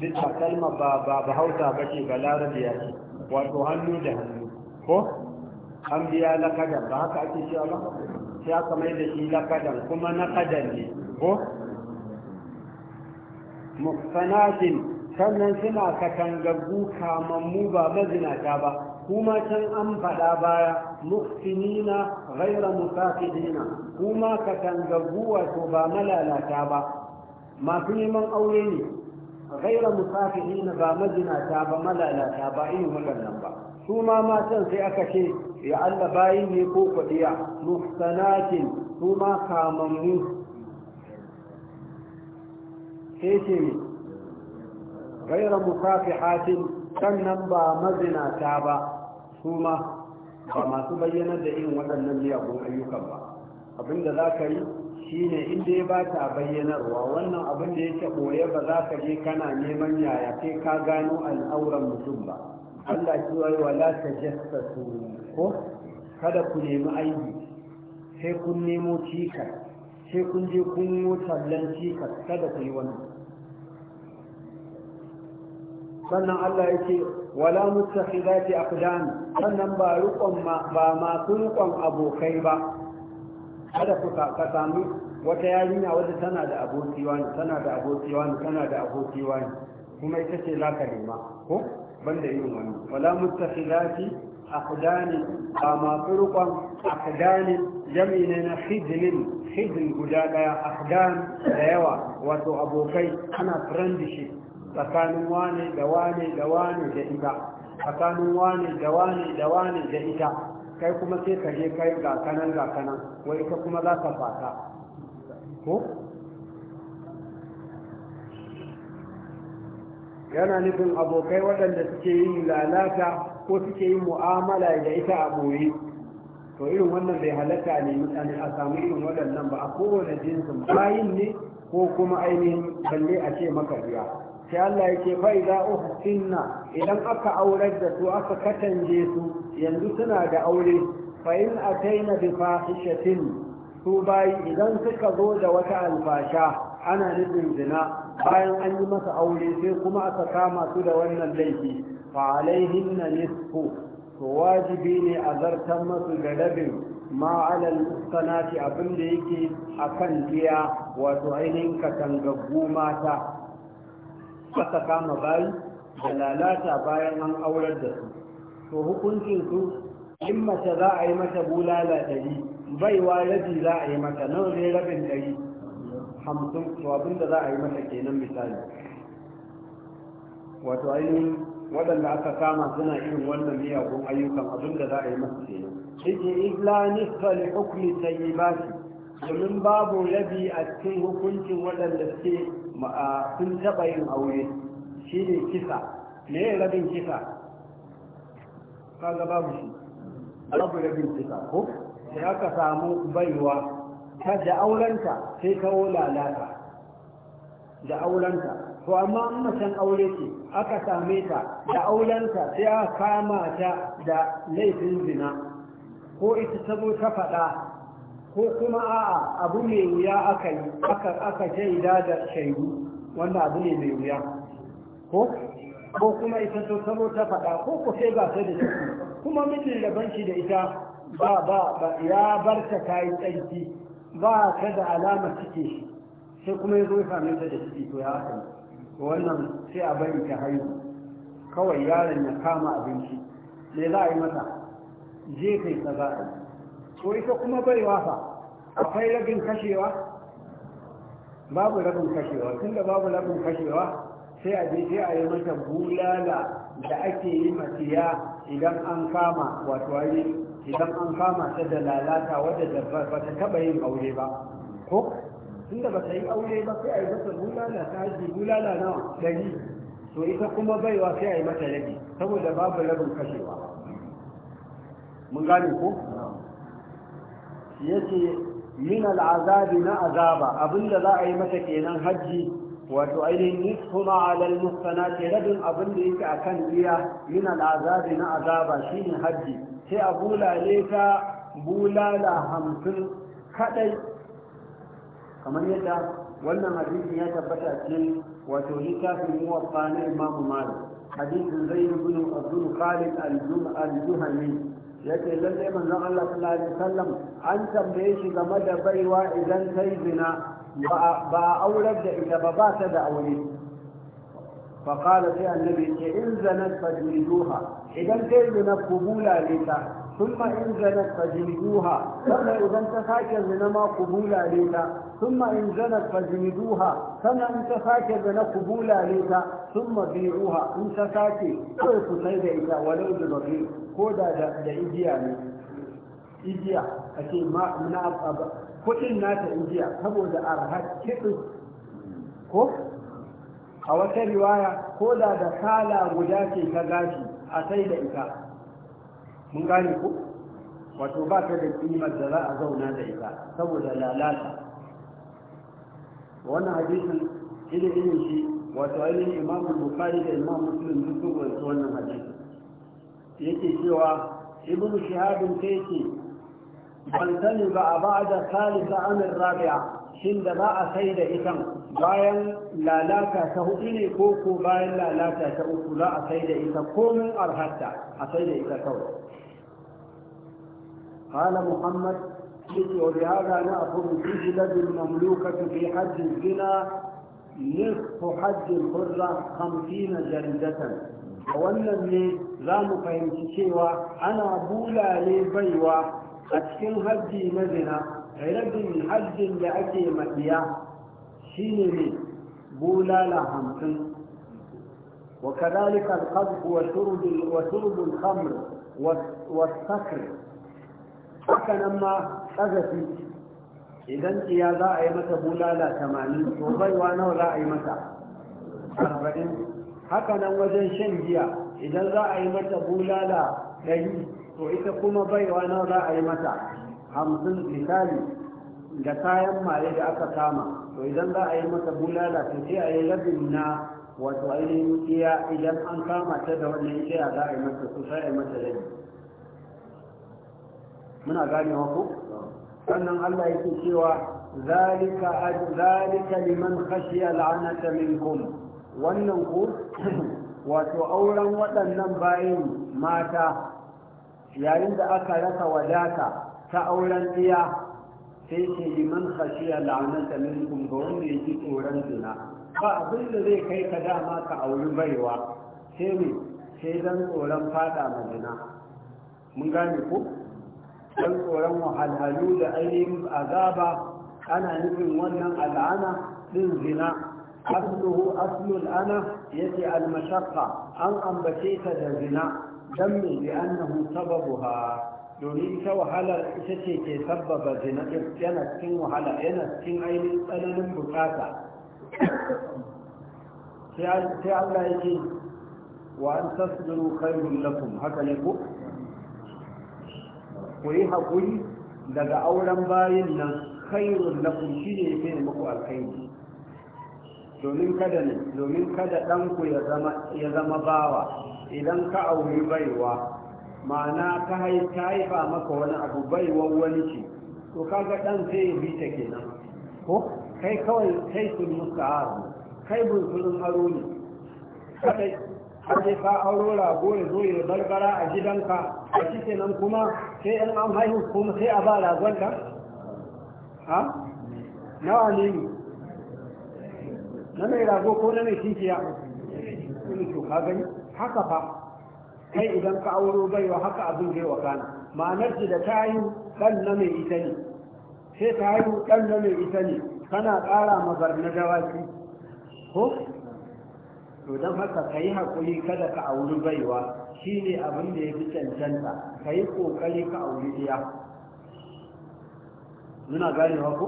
duk da kalma ba ba hausa ba ce ba larabiya ce wato hannu da hannu ko an biya lakadan ba haka ake cewa ba sai aka mai da shi lakadan kuma na kadan ne ko muhsanatin sannan suna katangaggu kamammu ba mazinata ba kuma can an faɗa baya muhsinina ghaira musafidina kuma katangaggu wato ba malalata ba masu neman aure ne غير مصافحين با مجنا تا ba malalata ba irin waɗannan ba su matan sai aka ce ya Allah bayin ne ko kudiya muhsanatin su ma kamammu sai ce ne غير مصافحات sannan ba mazinata ba su ba masu bayyanar da irin waɗannan miyagun ayyukan ba abinda za ka yi shine inda ya ba ta bayyanarwa wannan abin da yake boye ba za ka je kana neman yaya sai ka gano al'auran mutum ba Allah shi wai wala tajassasu ko kada ku nemi aiki sai kun nemo cikar sai kun je kun yi tallan cikar kada ku yi wannan sannan Allah yake wala mutakhidati aqdan sannan ba rukon ba ma rukon abokai ba kada ku ka sami wata yarinya wadda tana da abokiwa ne tana da abokiwa ne tana da abokiwa ne kuma ita ce za ka nema ko banda irin wani wala mutakhilati akhdani ba masu rukon akhdani jami ne na hijinin hijin guda daya akhdan da yawa wato abokai ana friendship tsakanin wani da wani da wani da ita tsakanin wane da wane da wane da ita kai kuma sai ka je kai ga kanan ga kanan wai ka kuma za ka fata ko yana nufin abokai waɗanda suke yin lalata ko suke yin mu'amala da ita a ɓoye to irin wannan bai halatta ne mutane a samu irin waɗannan ba a kowane jinsin bayin ne ko kuma ainihin balle a ce maka biya sai Allah yake fa'iza uhsinna idan aka aurar da su aka katange su yanzu suna da aure fa in ataina bi fahishatin su bayi idan suka zo da wata alfasha ana nufin zina bayan an yi masa aure sai kuma aka kama su da wannan laifi fa alaihin na nisfu to wajibi ne a zartan masu da rabin ma alal sanati abin da yake akan biya wato ainihin katangaggu mata aka kama bayi da lalata bayan an aurar da su to hukuncin su in mace za a yi mata bulala ɗari baiwa rabi za a yi mata nan ne rabin ɗari hamsin to abin da za a yi mata kenan misali wato ainihin waɗanda aka kama suna irin wannan miyagun ayyukan abin da za a yi masa kenan shige illa nisfa li hukmi sayyibati domin babu rabi a cikin hukuncin waɗanda suke sun taɓa yin aure shine kisa me rabin kisa kaga babu shi da bin cika ko sai aka samu baiwa ta da aurenta sai kawo lalata da aurenta to amma in macen aure ce aka same ta da aurenta sai aka kama ta da laifin zina ko ita tabo ta faɗa ko kuma a'a abu mai wuya aka yi aka aka da shaidu wannan abu ne mai wuya ko ko kuma ita to taro ta faɗa ko ko sai ba sai da shi kuma mijin da banci da ita ba ba ya bar ta yi ba ka da alamar cike shi sai kuma ya zo ya same ta da shi to ya haka wannan sai a bari ta haihu kawai yaron ya kama abinci me za a yi mata je kai ta za a yi ita kuma baiwa fa akwai rabin kashewa babu rabin kashewa tunda babu rabin kashewa sai a je sai a yi mata bulala da ake yi masiya idan an kama wato ayi idan an kama ta da lalata wadda ba ta taba yin aure ba ko tunda ba ta yi aure ba sai a yi mata bulala ta haji bulala nawa dari to ita kuma baiwa sai a yi mata rabi saboda babu rabin kashewa mun gane ko yace min al'azabi na azaba abinda za a yi mata kenan hajji wato ainihin nisfu ma alal muhsanati radin abin da yake akan biya min al azabi na azaba shine haji sai a bulale ta bulala hamsin kadai kamar yadda wannan hadisin ya tabbata cikin wato littafin muwaffa na imamu malik hadisin zaid ibn abdul khalid al-juhani yake lallai manzon Allah sallallahu alaihi wasallam an tambaye shi game da baiwa idan sai zina ba a aurar da ita ba ba ta da aure faƙada sai annabi ke in zanar fajiruha idan ta yi zanar kubula ne ta sun ma in zanar fajiruha sannan idan ta sake zanar ma kubula ta sun ma in zanar fajiruha sannan ta sake zanar kubula ta sun ma biruha in ta sake kawai ku sai da ita walau da bafi ko da igiya ne igiya kuɗin nata injiya saboda arhar kiɗi ko a wata riwaya ko da da kala guda ce ta gashi a sai da ita mun gane ku wato ba ta da kimar da za a zauna da ita saboda lalata wannan hadisin ilin ilin shi wato ainihin imamu bukari da imam muslim duk sun wannan hadisi yake cewa ibnu shahabin ta yake Bantani ba a ba da salisa amin rabia shin da za a sai da itan bayan lalata ta hudu ne ko ko bayan lalata ta uku za a sai da ita komin arhatta a sai da ita kawai قال محمد وبهذا نأخذ الجلد المملوكة في حد الزنا نصف حد الحرة Jaridatan. A wannan ne za mu fahimci cewa ana bulale baiwa a cikin hajji na zina rabin hajjin da ake maɗiya shine ne bulala hamsin wa kadhalika al-qadh wa shurb wa shurb al-khamr wa sakr haka ma kazafi idan iya za a yi mata bulala tamanin to baiwa nawa za a yi mata arba'in haka nan wajen shan giya idan za a yi mata bulala ɗari to ita kuma baiwa na za a yi mata hamsin misali da kayan maye da aka kama to idan za a yi mata bulala to sai a yi rabin na wato ainihin iya idan an kama ta da wannan iya za a yi mata su sai a yi mata rabi muna ganewa ko sannan Allah yake cewa ذلك zalika liman khashiya al'anata minkum wannan ku (clears throat) wato auren waɗannan bayin mata yayin da aka rasa wadata ta auren iya sai ce liman khashiya la'anata minkum ga wanda yake tsoron zina ba abin da zai kai ka dama ka auri baiwa sai ne sai dan tsoron fada ma zina mun gane ko dan tsoron wahalhalu da ainihin azaba ana nufin wannan al'ana din zina asluhu aslul ana yace al mashaqqa an ambace ta da zina don na bi sababu ha, domin ta wahala ita ce ke sabbaba zina yana cikin wahala yana cikin ainihin tsananin bukata sai Allah ya ce wa an tasiru khairun lakum haka ne ku? ku yi haƙuri daga auren bayin nan kairun lakum shi ne ya fi muku alkaini domin kada ne domin kada ɗanku ya zama bawa idan ka auri baiwa ma'ana ka haifa maka wani abu baiwan wani ce to kaga dan zai bi ta kenan ko kai kawai kai sun musta'ar kai sun aro ne kai har dai ka auro rago ya zo ya barbara a gidanka a cikin nan kuma sai an an haihu kuma sai a ba ragon ka ha nawa ne na mai rago ko na mai ne to ka gani haka fa kai idan ka auro baiwa haka abin zai wakana ma'anar ji da ta haihu ɗan na mai ita ne sai ta haihu ɗan na mai ita ne kana ƙara mabar na dawaki ko to don haka ka yi haƙuri kada ka auri baiwa shi ne abin da ya fi cancanta ka yi ƙoƙari ka auri iya muna ganewa ko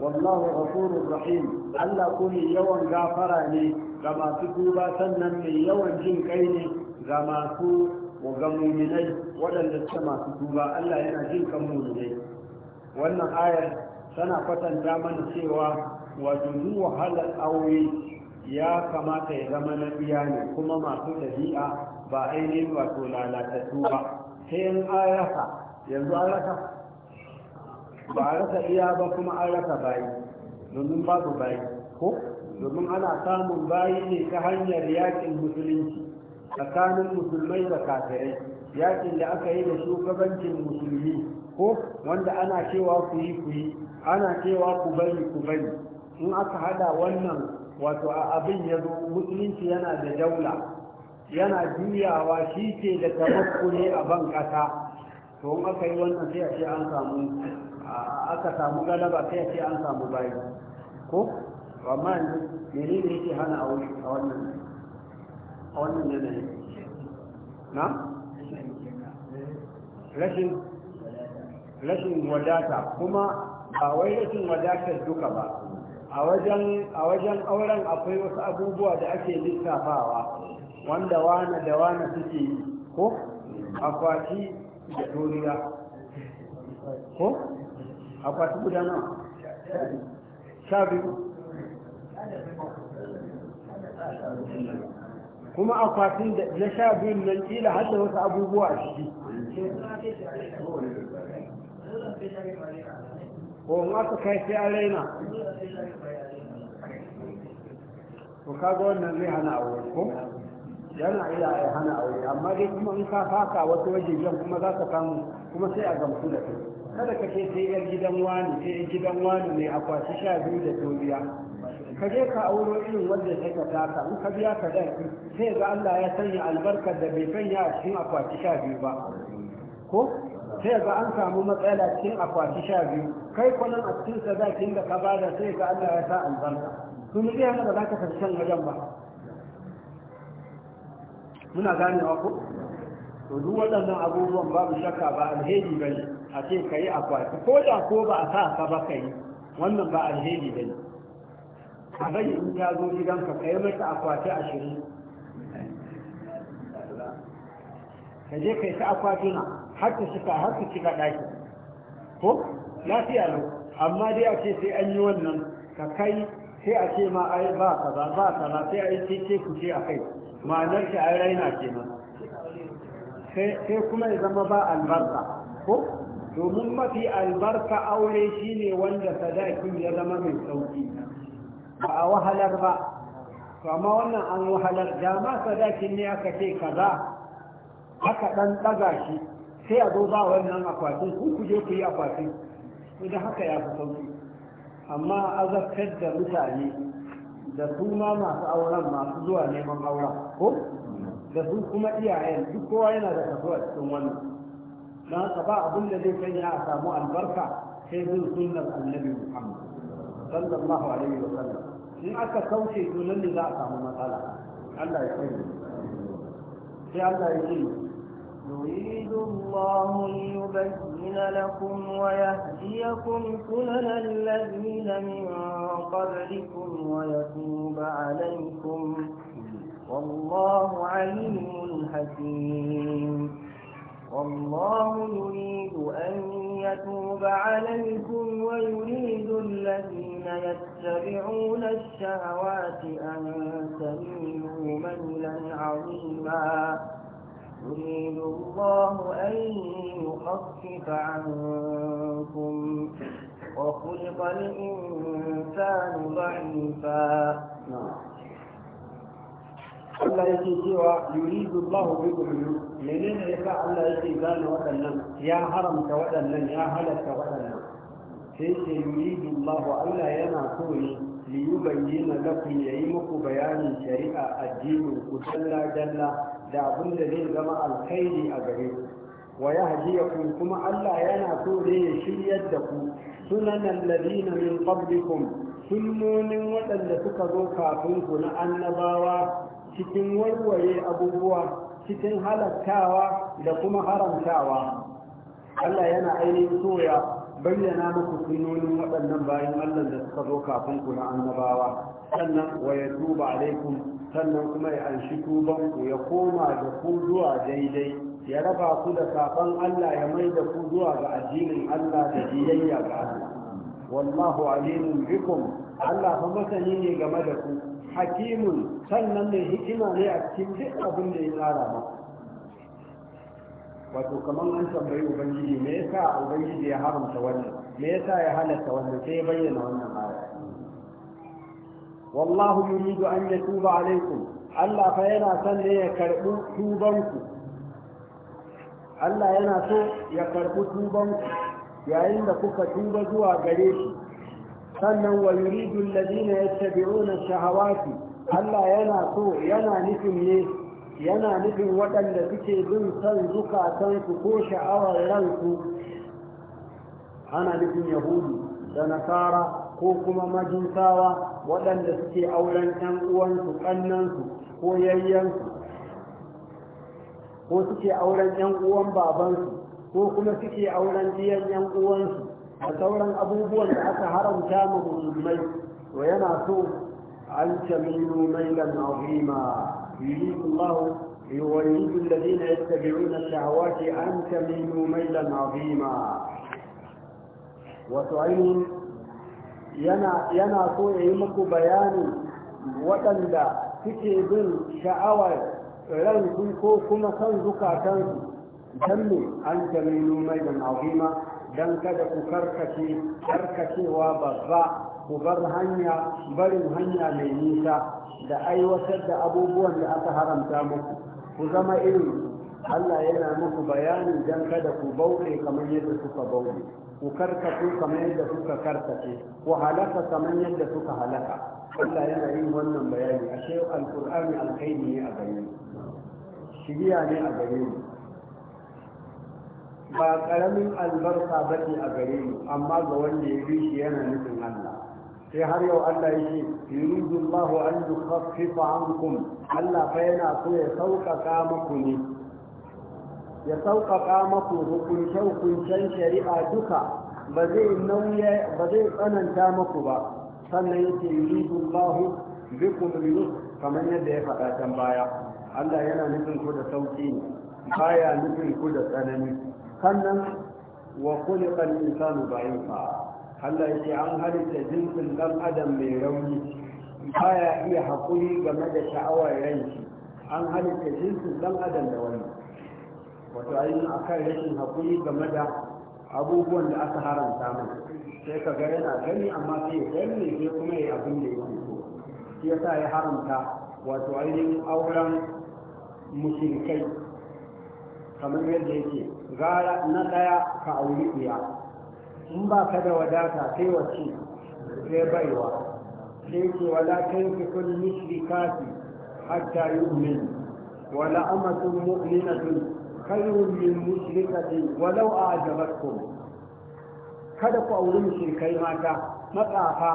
wallahu ghafurur rahim Allah kuni yawan gafara ne ga masu tuba sannan mai yawan jin kai ne ga masu ga muminai waɗanda suka masu tuba Allah yana jin kan muminai wannan ayar tana kwatanta mana cewa wato duk wahalar aure ya kamata ya zama na biya ne kuma masu dabi'a ba ainihin wato lalatattu ba sai in an yanzu an ba a rasa iya ba kuma an rasa bayi domin babu bayi ko domin ana samun bayi ne ta hanyar yakin musulunci tsakanin musulmai da kafirai yakin da aka yi da shugabancin musulmi ko wanda ana cewa ku yi ku yi ana cewa ku bari ku bari in aka hada wannan wato a abin ya zo musulunci yana da daula yana juyawa shi ke da ne a ban ƙasa to in aka yi wannan sai a ce an samu aka samu galaba sai ce an samu bayi ko amma yanzu ne ne yake hana a wannan a wannan yanayi na rashin rashin wadata kuma ba wai rashin wadatar duka ba a wajen a wajen auren akwai wasu abubuwa da ake lissafawa wanda wana da wana suke yi ko akwati da toriya ko akwati guda nawa sha biyu kuma akwatin da na sha biyun nan kila har da wasu abubuwa a ciki ko ma aka kai sai a raina ko ga wannan zai hana aure ko yana iya hana aure amma dai kuma in ka faka wasu wajejen kuma za ka samu kuma sai a gamsu da kai kada ka ce sai yan gidan wani sai gidan wani mai akwati sha biyu da tobiya ka je ka auro irin wanda sai ka taka in ka biya ka dan sai ga Allah ya sanya albarkar da bai sanya a cikin akwati sha biyu ba ko sai ga an samu matsala cikin akwati sha biyu kai kwanan a cikin sadakin da ka bada sai ga Allah ya sa albarka kuma zai hana ba za ka wajen ba muna ganewa ko to duk waɗannan abubuwan babu shakka ba alheri bane a ce ka yi akwati ko da ko ba a sa ka ba ka yi wannan ba alheri ba ne a bai in ta zo gidanka ka yi mata akwati ashirin ka je ka yi ta akwatuna har ta cika har ta cika ɗaki ko lafiya lau amma dai a ce sai an yi wannan ka kai sai a ce ma ai ba kaza ba kaza sai a yi ce ce ku ce a kai ma'anar ta ai raina ke nan. sai kuma ya zama ba albarka ko domin mafi albarka aure shine wanda sadakin ya zama mai sauki ba a wahalar ba to amma wannan an wahalar dama sadakin ne aka ce kaza aka dan daga shi sai a zo ba wannan akwatin ku ku je ku yi akwatin idan haka ya fi sauki amma azabtar da mutane da su ma masu auren masu zuwa neman auren ko da su kuma iyayen duk kowa yana da kasuwa cikin wannan فأنت بعض الذي كان يعتموا البركة سيقول سنة النبي محمد صلى الله عليه وسلم لأنك كوشي تلني ذاته مثلا ألا يحيي في ألا يحيي يريد الله ان يبين لكم ويهديكم سنن الذين من قبلكم ويتوب عليكم والله عليم حكيم. والله يريد أن يتوب عليكم ويريد الذين يتبعون الشهوات أن تميلوا ميلا عظيما يريد الله أن يخفف عنكم وخلق الإنسان ضعيفا نعم. Allah yake cewa yuridu Allah bikum menene yasa Allah yake gane waɗannan ya haramta waɗannan ya halatta waɗannan sai ce yuridu Allah Allah yana so ne li yubayyana lakum yayi muku bayanin shari'a addinin ku dalla dalla da abin da zai zama alkhairi a gare ku wa yahdiyakum kuma Allah yana so ne ya shiryar da ku sunanan ladina min qablikum sunnonin waɗanda suka zo kafin ku na annabawa cikin warware abubuwa cikin halattawa da kuma haramtawa Allah yana ainihin soya bayyana muku sunonin waɗannan bayan Allah da suka zo kafin ku na annabawa sannan wa ya tuba alaikum sannan kuma ya anshi tuban ku ya koma da ku zuwa daidai ya raba ku da saƙon Allah ya mai da ku zuwa ga addinin Allah da jiyayya ga Allah wallahu alimun bikum Allah fa masani ne game da ku hakimun sannan mai hikima ne a cikin duk abin da ya tsara ba wato kamar an tambayi ubangiji me yasa ubangiji ya haramta wannan me yasa ya halatta wannan sai ya bayyana wannan aya wallahu yuridu an yatuba alaikum Allah fa yana son ne ya karbi tubanku Allah yana so ya karbi ku yayin da kuka tuba zuwa gare shi sannan wa yuridu alladhina yattabi'una shahawati Allah yana so yana nufin ne yana nufin waɗanda suke bin san zukatansu ko sha'awar ransu ana nufin yahudu da nasara ko kuma majusawa waɗanda suke auren ɗan uwansu ƙannansu ko yayyansu ko suke auren ɗan uwan babansu ko kuma suke auren ɗiyan ɗan uwansu da sauran abubuwan da aka haramta ma musulmai to yana so an tamilu da azima yi Allah yuwayyidu alladhina yattabi'una ash-shahawati an tamilu da azima wato ainihin yana yana so yayi muku bayani waɗanda suke bin sha'awar ransu ko kuma son zukatansu dan ne an tamilu da azima don kada ku karkace karkacewa babba ku bar hanya barin hanya mai nisa da aiwatar da abubuwan da aka haramta muku ku zama irin Allah yana muku bayani don kada ku bauɗe kamar yadda suka bauɗe ku karkace kamar yadda suka karkace ku halaka kamar yadda suka halaka Allah yana yin wannan bayani ashe alkur'ani alkhairi ne a gare shigiya ne a gare ba karamin albarka ba ce a gare mu amma ga wanda ya bi shi yana nufin Allah sai har yau Allah ya ce yuridu Allah an yukhaffifa ankum Allah fa yana so ya sauƙaƙa muku ne ya sauƙaƙa muku hukunce hukuncen shari'a duka ba zai nauya ba zai tsananta muku ba sannan yake yuridu bikum al kamar yadda ya faɗa can baya Allah yana nufin ku da sauƙi ne baya nufin ku da tsanani sannan wa kulikan insanu bayan fa Allah ya ce an halitta jinsin ɗan adam mai rauni baya iya haƙuri game da sha'awar ranki an halitta jinsin ɗan adam da wani wato ainihin akan rashin haƙuri game da abubuwan da aka haramta mai sai ka ga yana gani amma sai ya gani sai kuma ya abin da yake so shi yasa ya haramta wato ainihin auren mushrikai kamar yadda yake gara na ɗaya ka auri iya in ba ka da wadata sai wacce sai baiwa sai ce wala kai ki kun mushrikati hatta yu'min wala amatun mu'minatun khayrun min mushrikati walau a'jabatkum kada ku auri mushrikai mata matsafa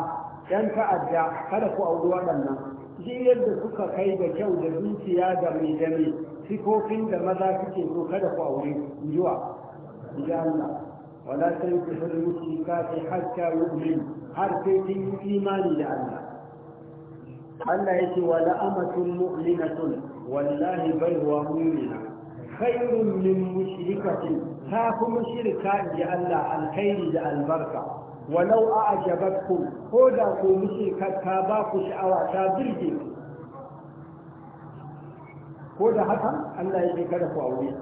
yan ta'adda kada ku auri waɗannan shi yadda suka kai da kyau da zuciya da mai da mai sifofin da maza suke so kada ku aure zuwa ji Allah wala sai ku shirin shi ka sai hatta yu'min har sai kin yi imani da Allah Allah ya yake wala amatul mu'minatun wallahi baiwa mu'mina khairun min mushrikatin ta kuma shirka ji Allah alkhairi da albarka walau a ajabatkum ko da ko muke ta ba ku sha'awa ta birge ko da haka Allah yake kada ku aure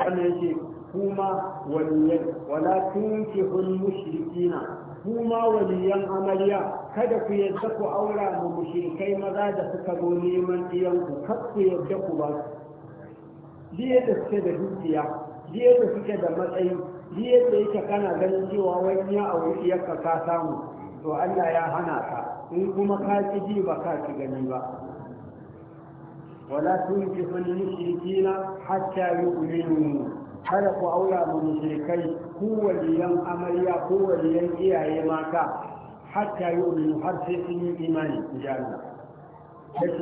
Allah yake kuma waliyan wala tunkihul mushrikina kuma waliyan amarya. kada ku yarda ku aura mu mushrikai maza da suka zo neman iyanku kar ku yadda ku ba su da suke da dukiya biye da suke da matsayi ji yadda yake kana ganin cewa wani ya aure iyakka ka samu to Allah ya hana ka in kuma ka ci ji ba ka ci gani ba wala tunkihu lil mushrikina hatta yu'minu kada ku aula mu mushrikai ku waliyan amarya ku waliyan iyaye maka hatta yu'minu har sai sun yi imani ji Allah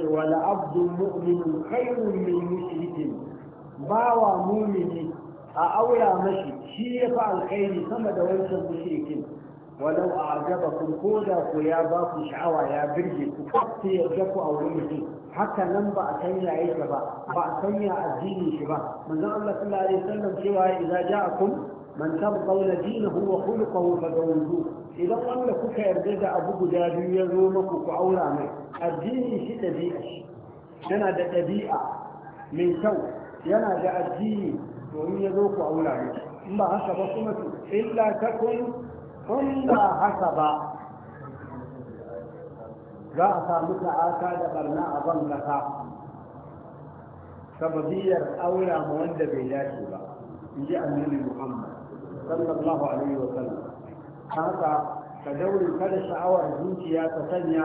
wala abdul mu'min khairun min mushrikin bawa mu'mini a aura mashi shi ya fi alkhairi sama da wancan mushrikin walau a ajaba kun ko da ku ya ba ku sha'awa ya birge ku kafta yarda ku wurin mutum haka nan ba a sanya yake ba ba a sanya addinin shi ba manzon Allah sallallahu alaihi wasallam cewa idza ja'akum man tabqawna dinahu wa khuluquhu fadawuhu idan wanda kuka yarda da abu guda biyu ya zo maku ku aura mai addini shi ɗabi'a yana da ɗabi'a mai kyau yana da addini to ya zo ku aura ne in ba haka ba kuma su illa ta kun kun ba haka ba za a samu ta'ata da barna a ban kasa sababiyar aura ma wanda bai dace ba in ji annabi muhammad sallallahu alaihi wa sallam haka ka daure kada sha'awar zuciya ta sanya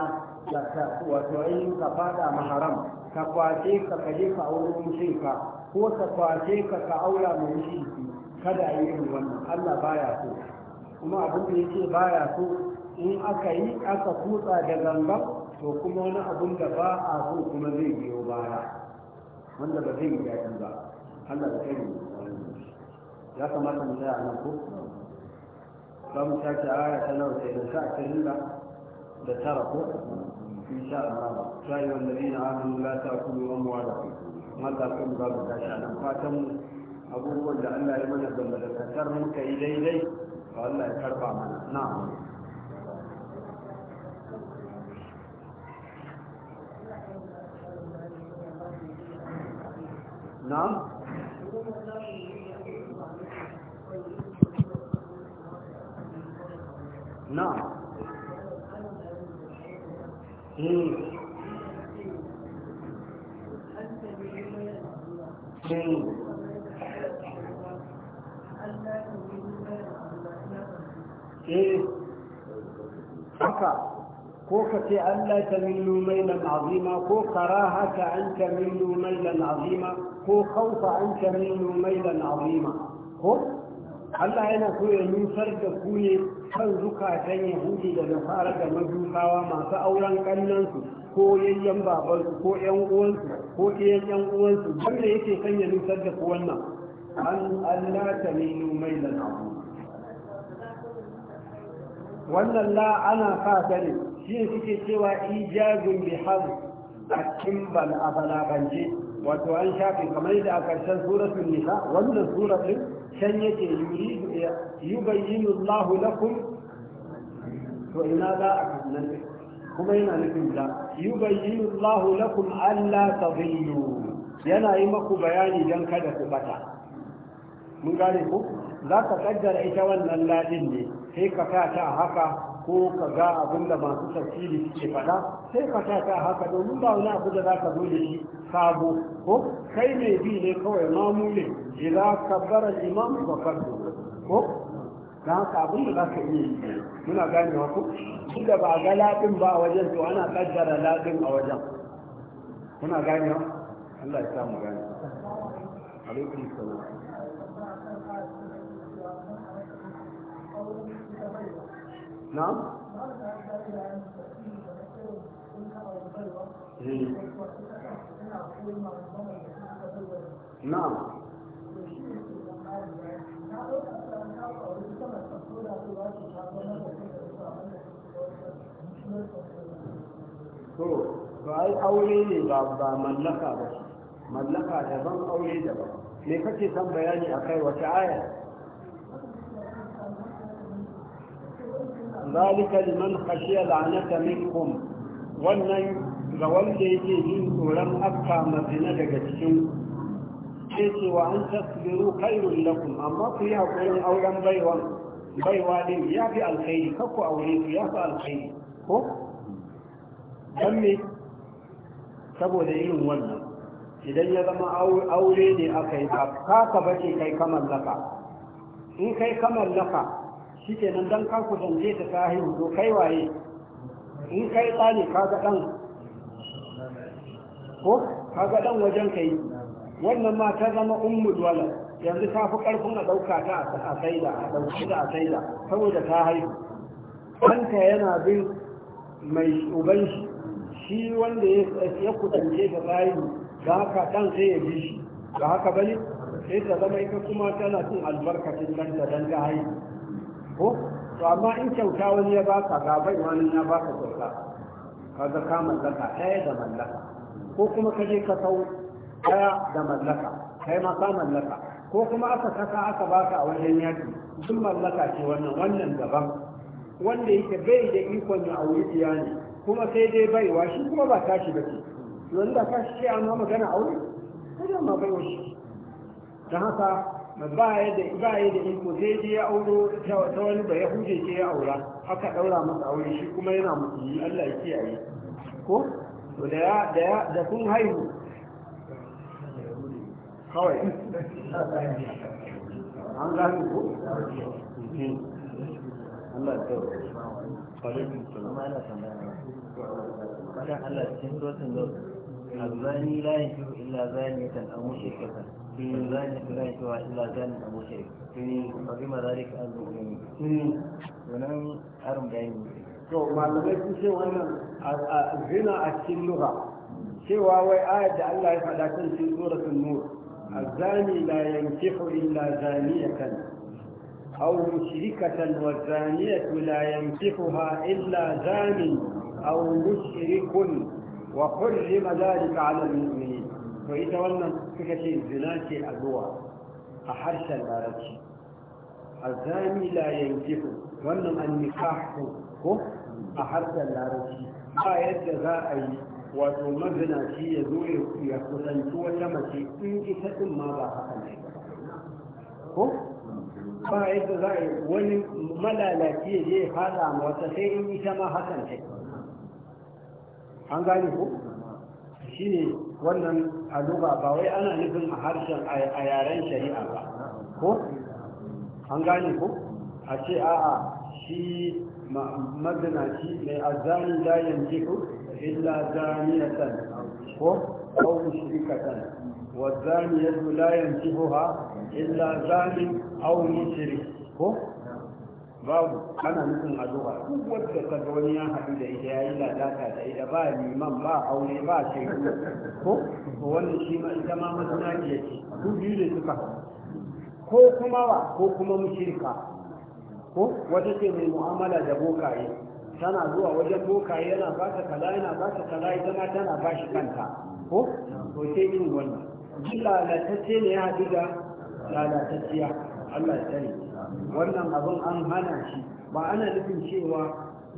wato ainihin ka fada maharam ka kwace ka kaje ka aure mutum ko ta kwace ka ka aura mai mishiki kada yi yi wannan Allah baya so kuma abin da yake baya so in aka yi aka kutsa da gangan to kuma wani abin da ba a so kuma zai biyo baya wanda ba zai yi daɗi ba Allah da kai ya kamata mu tsaya nan ko ba mu sake aya ta nawa sai da sha ta rinda da tara ko in sha Allah Ta yi wanda zai na amanu la ta kulu amwalakum matasan za mu tashi nan fatan mu abubuwan da Allah ya mana da kasar muka yi daidai ba Allah ya mana hmm. Eh, haka ko ka ce Allah ta millu mailan azima ko karahaka an ta millu mailan azima ko khawfa an ta millu azima ko Allah yana so ya nusar da ku ne kan zukatan Yahudi da Nasara da Majusawa masu auren kannansu ko yayyan babansu ko ƴan uwansu ko iyan yan uwansu wanda yake kanya ya nusar da ku wannan an Allah ta nemi mai da wannan la ana sa ta ne shi ne suke cewa ijazin har a kimbal a balagance wato an shafe kamar da a karshen suratun nisa wannan suratun can yake yubayyinu lakum to ina za a nan kuma yana nufin da yubayyinu Allahu lakum alla tadhillu yana yi maku bayani dan kada ku bata mun gane ku za ka kaddara ita wannan ladin ne sai ka sa ta haka ko ka ga abin da masu tafsiri suke faɗa sai ka sa ta haka domin ba wani abu da za ka zo da shi sabo ko kai mai bi ne kawai mamu ne ka kabbara imam wa fardu ko na haka abin da za ka iya yi muna gane ku duk da ba ga laɗin ba a wajen to ana ƙaddara laɗin a wajen muna gane Allah ya samu gane alaikum salam na? na'am eh. ذلك لمن خشي لعنة منكم وانا لوليتي هنت لم أبقى مدينة جسدون حيث وأن تصبروا خير لكم أما فيها قول أولا بيوان baiwa ne ya fi alkhairi kakku aure su ya fi alkhairi ko don ne saboda irin wannan idan ya zama aure ne aka yi ba kaka bace kai ka laka in kai ka laka shi ke nan don kanku zanje ta sahi to kai waye in kai tsani ka ga ɗan ko ka ga ɗan wajen kai wannan ma ta zama ummu dole. yanzu ta fi ƙarfin a ɗauka ta a saida a ɗauki da a saida saboda ta haihu ɗanta yana bin mai uban shi shi wanda ya kudance ta tsayi da haka ɗan sai ya bi shi da haka bane sai ta zama ita kuma tana cin albarkacin ɗanta don ta haihu ko to amma in kyauta wani ya baka ga bai wani ya baka kyauta ga ka mallaka ɗaya da mallaka ko kuma ka je ka sau ɗaya da mallaka kai ma ka mallaka ko kuma aka kasa aka baka a wajen yaki sun mallaka ce wannan wannan daban wanda yake bai da ikon ya auri iya ne kuma sai dai wa shi kuma ba tashi ba ce wanda ka shi an ma magana aure kada ma baiwa shi ta haka ba ya da iko sai dai ya auro ta wani da huje ce ya aura aka daura masa aure shi kuma yana musulmi Allah ya kiyaye ko da ya da kun haihu kawai an gani ko Allah ya tsawo alaikum salam Allah Allah cikin rotin da الزاني لا ينكح إلا زانية أو مشركة والزانية لا ينكح إلا زان أو مشرك وحرم ذلك المؤمنين ونعم حرم دائما to malamai sun ce wannan zina a cikin lura cewa wai ayat da Allah ya faɗa kan cikin suratul nur الزاني لا ينكح إلا زانية أو مشركة والزانية لا ينكحها إلا زان أو مشرك وحرم ذلك على المؤمنين وإذا ولنا في الزنا أدوى أحرش البارج الزاني لا ينكح ولنا النكاح هو أحرش البارج ما يد ذا أي wato shi ya zo ya kusanci wata mace in ita din ma ba haka ne ko ba yadda za a yi wani malalaci ya je hada ma wata sai in ita ma haka ne an gane ko shi ne wannan a ba wai ana nufin a harshen a yaren shari'a ba ko an gane ko a ce a'a shi shi mai azzani da jikin Illa Ko, إلا زانية أو مشركة والزانية لا ينكحها إلا زان أو Ko, babu ana nufin addu'a duk wanda ka ga wani ya haɗu da ita ya yi ladata da ita ba liman ba aure ba shaidu ko wannan shi ma ita ma masana ce duk biyu ne suka ko kuma wa ko kuma mushrika ko wata ce mai mu'amala da bokaye tana zuwa wajen boka yana ba ta kaza yana ba ta kaza ita ma tana ba shi kanta ko to sai yin wannan duk lalatacce ne ya haɗu da lalatacciya Allah ya yi. wannan abin an hana shi ba ana nufin cewa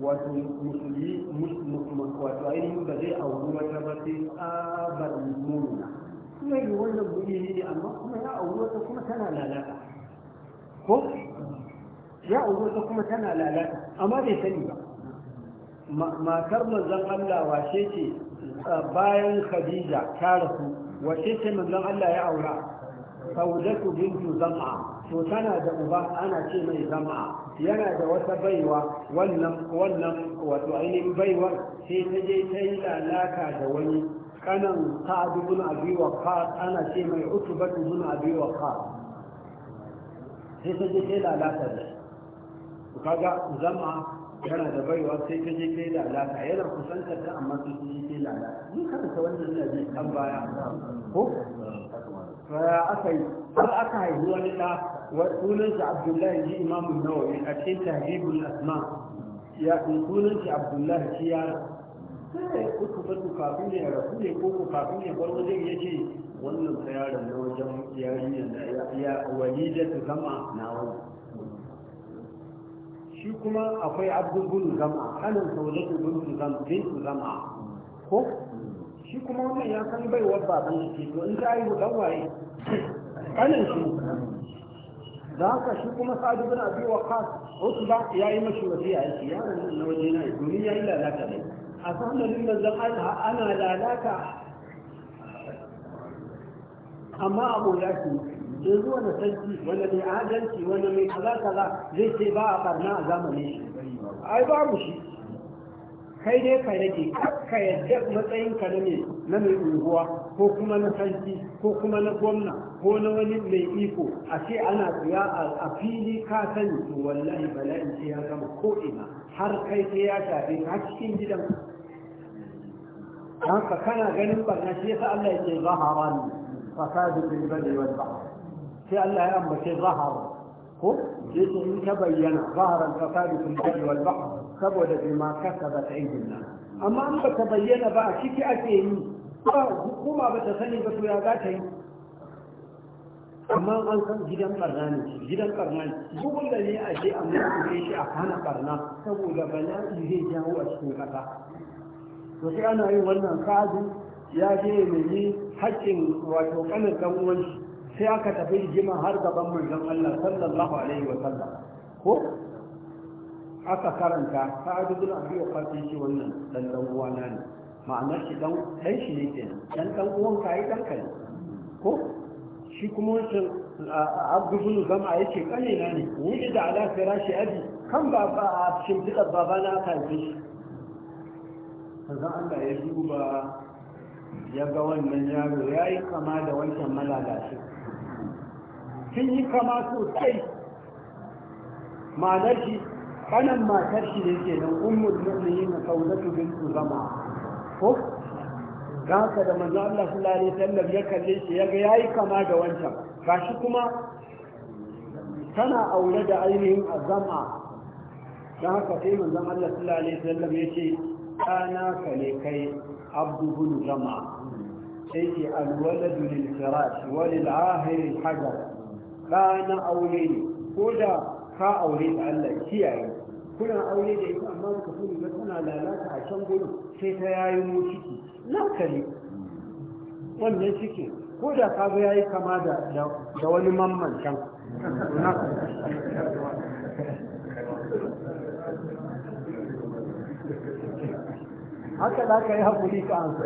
wato musulmi wato ainihin ba zai auri wata ba sai tsabar mummuna kuma yi wannan muni ne amma kuma ya auri wata kuma tana lalata ko ya auri wata kuma tana lalata amma bai sani ba matar manzan Allah wace ce bayan Khadija ta rasu wace ce manzan Allah ya aura Saudatu bintu Zam'a to tana da uba ana ce mai Zam'a yana da wata baiwa wannan wannan wato ainihin baiwar sai ta je ta yi lalaka da wani kanan Sa'ad ibn Abi Waqqas ana ce mai Utba ibn Abi Waqqas sai ta je ta yi lalaka da shi kaga Zam'a yana da baiwa sai ka je kai da alaka yana kusantar ta amma sai ka je kai alaka ni kan ka wannan ina ji kan baya ko ya aka yi har aka haihu wani da sunan sa Abdullahi ji Imam Nawawi a cikin tahibul Asma ya sunan sa Abdullahi shi ya sai uku ba kafin ne rasu ne ko ku kafin ne farko zai yace wannan tsayaran na wajen yarinya da ya walidatu kama na wani shi kuma akwai abdul zama kanin saudatu bin zama bin zama ko shi kuma wannan ya san bai wa baban shi to in ta yi dan waye kanin shi da haka shi kuma sa'ad bin abi wasu ba ya yi mashi wasiya ya ce yaron nan na waje na domin ya yi lalata ne a sanin manzon Allah ana lalata amma abu ya ce zuwa da sarki wanda mai adalci wanda mai kaza kaza zai ce ba a barna a zamanin shi ai ba mu shi kai dai ka rage ka yadda matsayin ka ne na mai unguwa ko kuma na sarki ko kuma na gwamna ko na wani mai iko a ce ana tsaya a fili ka sani to wallahi bala'i ce ya gama ko ina har kai sai ya shafe ka cikin gidan ka kana ganin barna shi yasa Allah ya ce zaharani fasadu bil bari wal bahr sai Allah ya ambace zahar ko yace in ta bayyana zaharan fasadu fil barri wal bahr saboda bima ta aydin nas amma an bata bayyana ba a ciki ake yi ba hukuma ba ta sani ba to ya za ta yi amma an san gidan barna ne gidan barna ne bugun da ne a je a su shi a hana barna saboda bala'i zai jawo a cikin kasa to sai ana yin wannan kazu ya je ya ne haƙƙin wato kanin dan uwan shi sai aka tafi jima har gaban manzon Allah sallallahu alaihi wa sallam ko aka karanta sa'adu bin abi wa shi wannan dan dan uwana ne ma'anar shi dan dan shi ne kenan dan dan uwan ka yi dan kai ko shi kuma wancan abdu bin a yake kane na ne wuce da ala firashi abi kan ba ba a baba babana aka yi shi sannan Allah ya duba ya ga wannan yaro ya yi kama da wancan malalashi sun yi kama sosai ma'anar shi kanan matar shi ne ke nan ummul mu'minin na saudatu bintu zama ko ga haka da manzo Allah sallallahu alaihi wasallam ya kalle shi ya ga yayi kama da wancan gashi kuma tana aure da ainihin azama don haka sai manzon Allah sallallahu alaihi wasallam ya ce kana ka kai abdu zama sai ke alwaladu lil firash wa lil ahir hajar kana aure ne ko da ka aure da Allah kiyaye kuna aure da ita amma ka fi ba tana lalata a can gudu sai ta yayi mu ciki naka ne wannan cikin ko da ka ga yayi kama da da wani mamman can haka za ka yi haƙuri ka an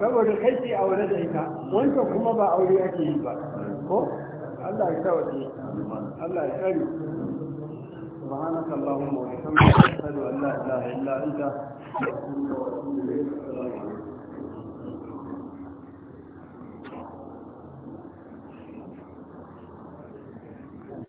saboda kai ce aure da ita wancan kuma ba aure ake yi ba ko Allah ya tawaje Allah ya kare subhanaka allahumma wa bihamdika ashhadu an la ilaha illa anta astaghfiruka wa atubu ilayk